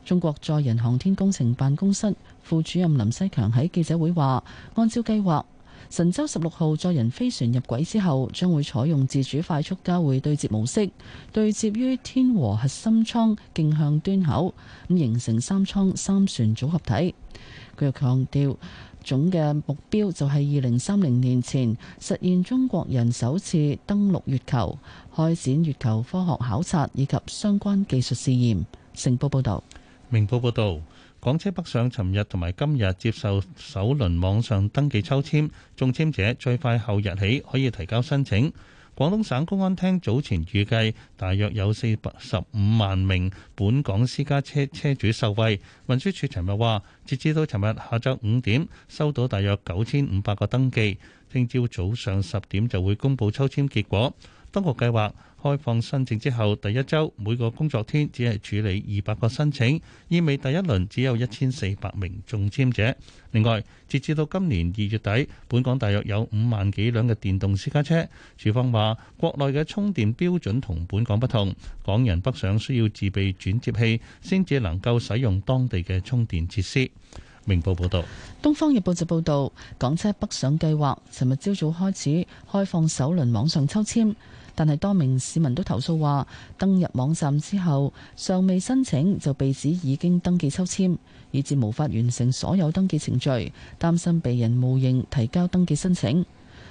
C: 中國載人航天工程辦公室副主任林西強喺記者會話，按照計劃，神舟十六號載人飛船入軌之後，將會採用自主快速交會對接模式，對接於天和核心艙徑向端口，咁形成三艙三船組合體。佢又強調，總嘅目標就係二零三零年前實現中國人首次登陸月球，開展月球科學考察以及相關技術試驗。成報報
D: 道。明報報導，港車北上，尋日同埋今日接受首輪網上登記抽籤，中籤者最快後日起可以提交申請。廣東省公安廳早前預計，大約有四百十五萬名本港私家車車主受惠。運輸處尋日話，截至到尋日下晝五點，收到大約九千五百個登記，聽朝早上十點就會公佈抽籤結果。當局計劃。開放申請之後，第一周每個工作天只係處理二百個申請，意味第一輪只有一千四百名中簽者。另外，截至到今年二月底，本港大約有五萬幾輛嘅電動私家車。處方話，國內嘅充電標準同本港不同，港人北上需要自備轉接器，先至能夠使用當地嘅充電設施。明報報道。
C: 《東方日報》就報道港車北上計劃，尋日朝早開始開放首輪網上抽籤。但係多名市民都投訴話，登入網站之後，尚未申請就被指已經登記抽籤，以致無法完成所有登記程序，擔心被人冒認提交登記申請。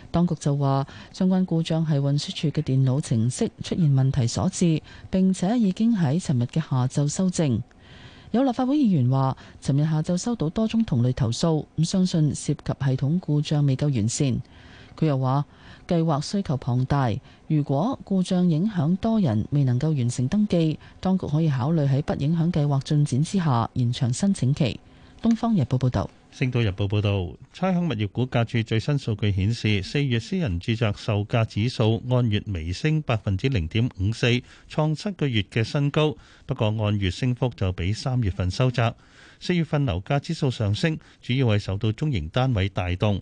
C: 當局就話，相關故障係運輸署嘅電腦程式出現問題所致，並且已經喺尋日嘅下晝修正。有立法會議員話，尋日下晝收到多宗同類投訴，唔相信涉及系統故障未夠完善。佢又話。計劃需求龐大，如果故障影響多人未能夠完成登記，當局可以考慮喺不影響計劃進展之下延長申請期。《東方日報》報道，
D: 《星島日報》報道，差餉物業估價署最新數據顯示，四月私人住宅售價指數按月微升百分之零點五四，創七個月嘅新高。不過按月升幅就比三月份收窄。四月份樓價指數上升，主要係受到中型單位帶動。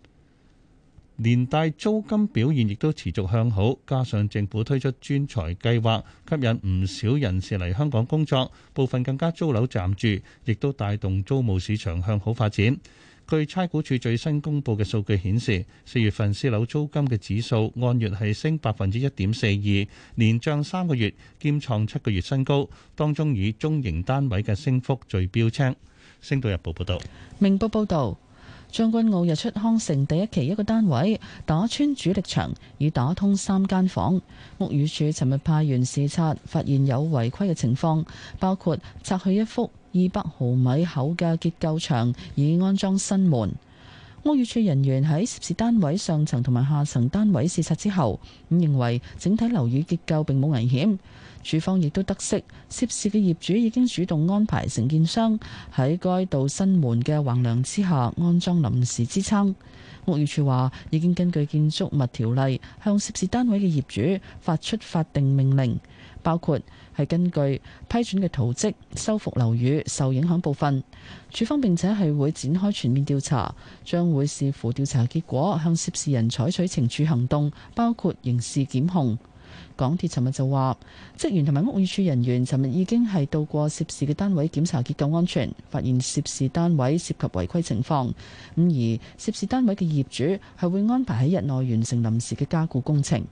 D: 連帶租金表現亦都持續向好，加上政府推出專才計劃，吸引唔少人士嚟香港工作，部分更加租樓暫住，亦都帶動租務市場向好發展。據差估署最新公布嘅數據顯示，四月份私樓租金嘅指數按月係升百分之一點四二，連漲三個月，兼創七個月新高。當中以中型單位嘅升幅最標青。星島日報報道。
C: 明報報導。將軍澳日出康城第一期一個單位打穿主力牆，以打通三間房。屋宇署尋日派員視察，發現有違規嘅情況，包括拆去一幅二百毫米厚嘅結構牆，以安裝新門。屋宇署人員喺涉事單位上層同埋下層單位視察之後，咁認為整體樓宇結構並冇危險。署方亦都得悉，涉事嘅業主已經主動安排承建商喺該度新門嘅橫梁之下安裝臨時支撐。屋宇署話已經根據建築物條例向涉事單位嘅業主發出法定命令，包括係根據批准嘅圖則修復樓宇受影響部分。署方並且係會展開全面調查，將會視乎調查結果向涉事人採取懲處行動，包括刑事檢控。港鐵尋日就話，職員同埋屋宇署人員尋日已經係到過涉事嘅單位檢查結構安全，發現涉事單位涉及違規情況。咁而涉事單位嘅業主係會安排喺日內完成臨時嘅加固工程。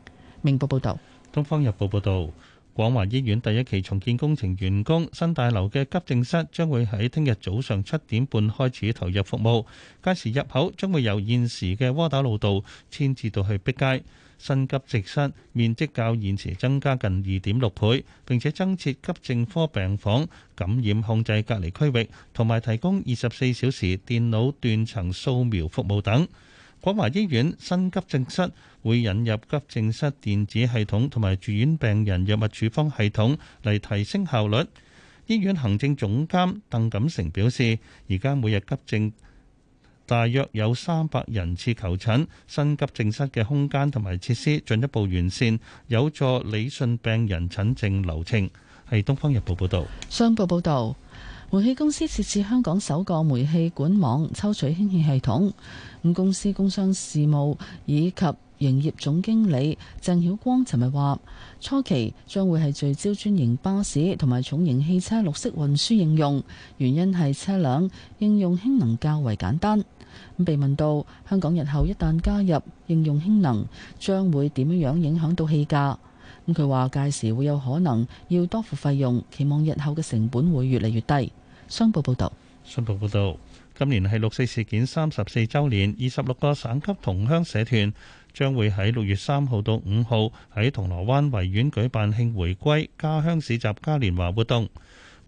C: 明報報道：
D: 東方日報報道，廣華醫院第一期重建工程完工，新大樓嘅急症室將會喺聽日早上七點半開始投入服務。屆時入口將會由現時嘅窩打老道遷至到去碧街。新急症室面積較現時增加近二點六倍，並且增設急症科病房、感染控制隔離區域，同埋提供二十四小時電腦斷層掃描服務等。廣華醫院新急症室會引入急症室電子系統同埋住院病人藥物處方系統嚟提升效率。醫院行政總監鄧錦成表示，而家每日急症大約有三百人次求診，新急症室嘅空間同埋設施進一步完善，有助理順病人診症流程。係《東方日報》報導。
C: 商報報導，煤氣公司設置香港首個煤氣管網，抽取氫氣系統。公司工商事務以及營業總經理鄭曉光尋日話：初期將會係聚焦專營巴士同埋重型汽車綠色運輸應用，原因係車輛應用氫能較為簡單。被問到香港日後一旦加入應用氫能，將會點樣影響到氣價？咁佢話屆時會有可能要多付費用，期望日後嘅成本會越嚟越低。商報報
D: 道：商報報導，今年係六四事件三十四週年，二十六個省級同鄉社團將會喺六月三號到五號喺銅鑼灣維園舉辦慶回歸、家鄉市集嘉年華活動。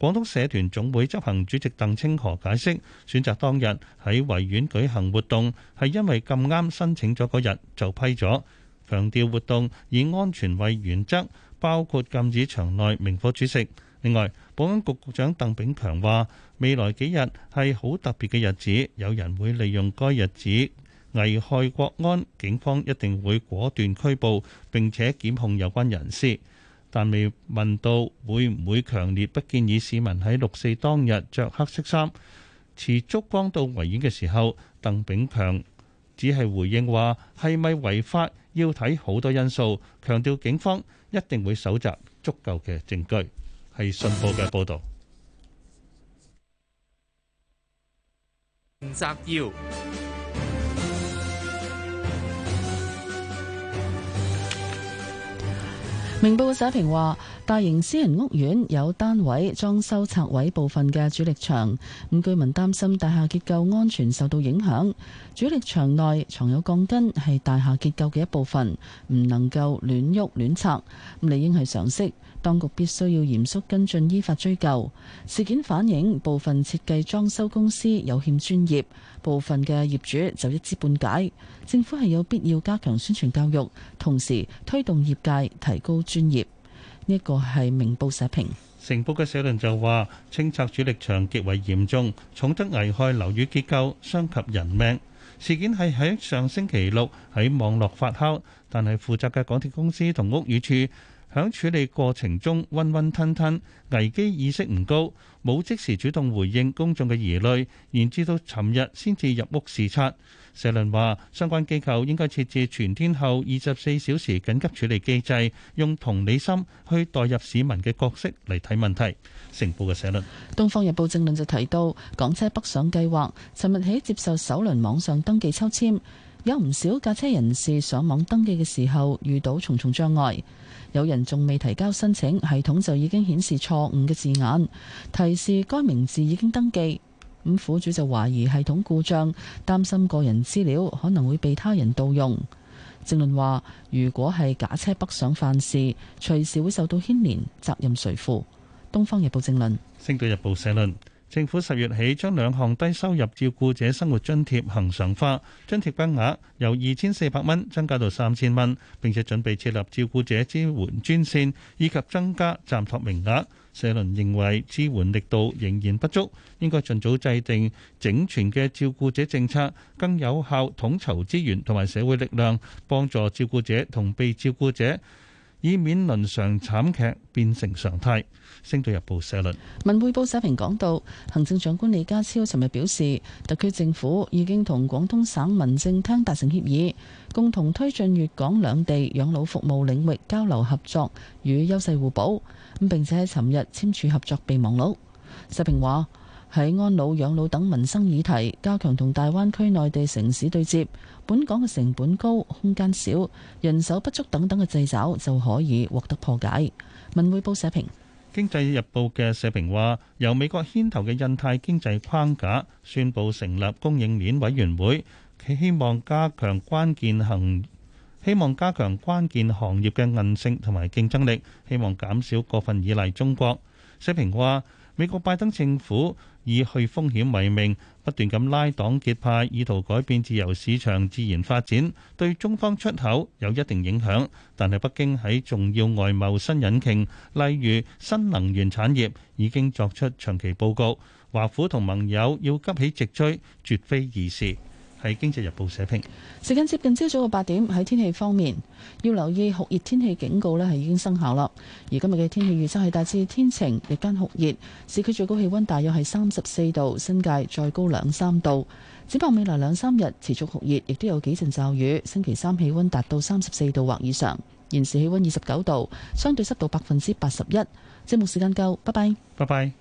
D: 廣東社團總會執行主席鄧清河解釋，選擇當日喺維園舉行活動，係因為咁啱申請咗嗰日就批咗。強調活動以安全為原則，包括禁止場內明火煮食。另外，保安局局長鄧炳強話，未來幾日係好特別嘅日子，有人會利用該日子危害國安，警方一定會果斷拘捕，並且檢控有關人士。但未問到會唔會強烈不建議市民喺六四當日着黑色衫，持燭光到維園嘅時候，鄧炳強只係回應話係咪違法要睇好多因素，強調警方一定會搜集足夠嘅證據。係信報嘅報
J: 導。
C: 明報社評話，大型私人屋苑有單位裝修拆毀部分嘅主力牆，咁居民擔心大廈結構安全受到影響。主力牆內藏有鋼筋，係大廈結構嘅一部分，唔能夠亂喐亂拆。咁理應係常識，當局必須要嚴肅跟進，依法追究事件，反映部分設計裝修公司有欠專業。部分嘅業主就一知半解，政府係有必要加強宣傳教育，同時推動業界提高專業。呢一個係明報社評，
D: 成報嘅社論就話清拆主力牆極為嚴重，重則危害樓宇結構，傷及人命。事件係喺上星期六喺網絡發酵，但係負責嘅港鐵公司同屋宇署，喺處理過程中，溫溫吞吞，危機意識唔高，冇即時主動回應公眾嘅疑慮，然至到尋日先至入屋視察。社論話，相關機構應該設置全天候二十四小時緊急處理機制，用同理心去代入市民嘅角色嚟睇問題。成報嘅社論，
C: 《東方日報》正論就提到，港車北上計劃尋日起接受首輪網上登記抽籤，有唔少駕車人士上網登記嘅時候遇到重重障礙。有人仲未提交申請，系統就已經顯示錯誤嘅字眼，提示該名字已經登記。咁苦主就懷疑系統故障，擔心個人資料可能會被他人盜用。政論話：如果係假車北上犯事，隨時會受到牽連，責任誰負？《東方日報》政論，
D: 《星島日報》社論。政府十月起將兩項低收入照顧者生活津貼恆常化，津貼金額由二千四百蚊增加到三千蚊，並且準備設立照顧者支援專線以及增加暫托名額。社論認為支援力度仍然不足，應該盡早制定整全嘅照顧者政策，更有效統籌資源同埋社會力量，幫助照顧者同被照顧者。以免倫常慘劇變成常態。星島日報社論，
C: 文匯報社評講到，行政長官李家超尋日表示，特區政府已經同廣東省民政廳達成協議，共同推進粵港兩地養老服務領域交流合作與優勢互補。咁並且喺尋日簽署合作備忘錄。社評話，喺安老、養老等民生議題，加強同大灣區內地城市對接。本港嘅成本高、空間少、人手不足等等嘅掣肘就可以獲得破解。文匯報社評，
D: 《經濟日報》嘅社評話：由美國牽頭嘅印太經濟框架宣布成立供應鏈委員會，佢希望加強關鍵行，希望加強關鍵行業嘅韌性同埋競爭力，希望減少過分依賴中國。社評話：美國拜登政府以去風險為名。不斷咁拉黨結派，意圖改變自由市場自然發展，對中方出口有一定影響。但係北京喺重要外貿新引擎，例如新能源產業，已經作出長期報告。華府同盟友要急起直追，絕非易事。係《經濟日報》社評。時間接近
C: 朝早嘅八點，喺天氣方面要留意酷熱天氣警告咧，係已經生效啦。而今日嘅天氣預測係大致天晴，日間酷熱，市區最高氣温大約係三十四度，新界再高兩三度。展望未來兩三日持續酷熱，亦都有幾陣驟雨。星期三氣温達到三十四度或以上。現時氣温二十九度，相對濕度百分之八十一。節目時間夠，拜拜。拜拜。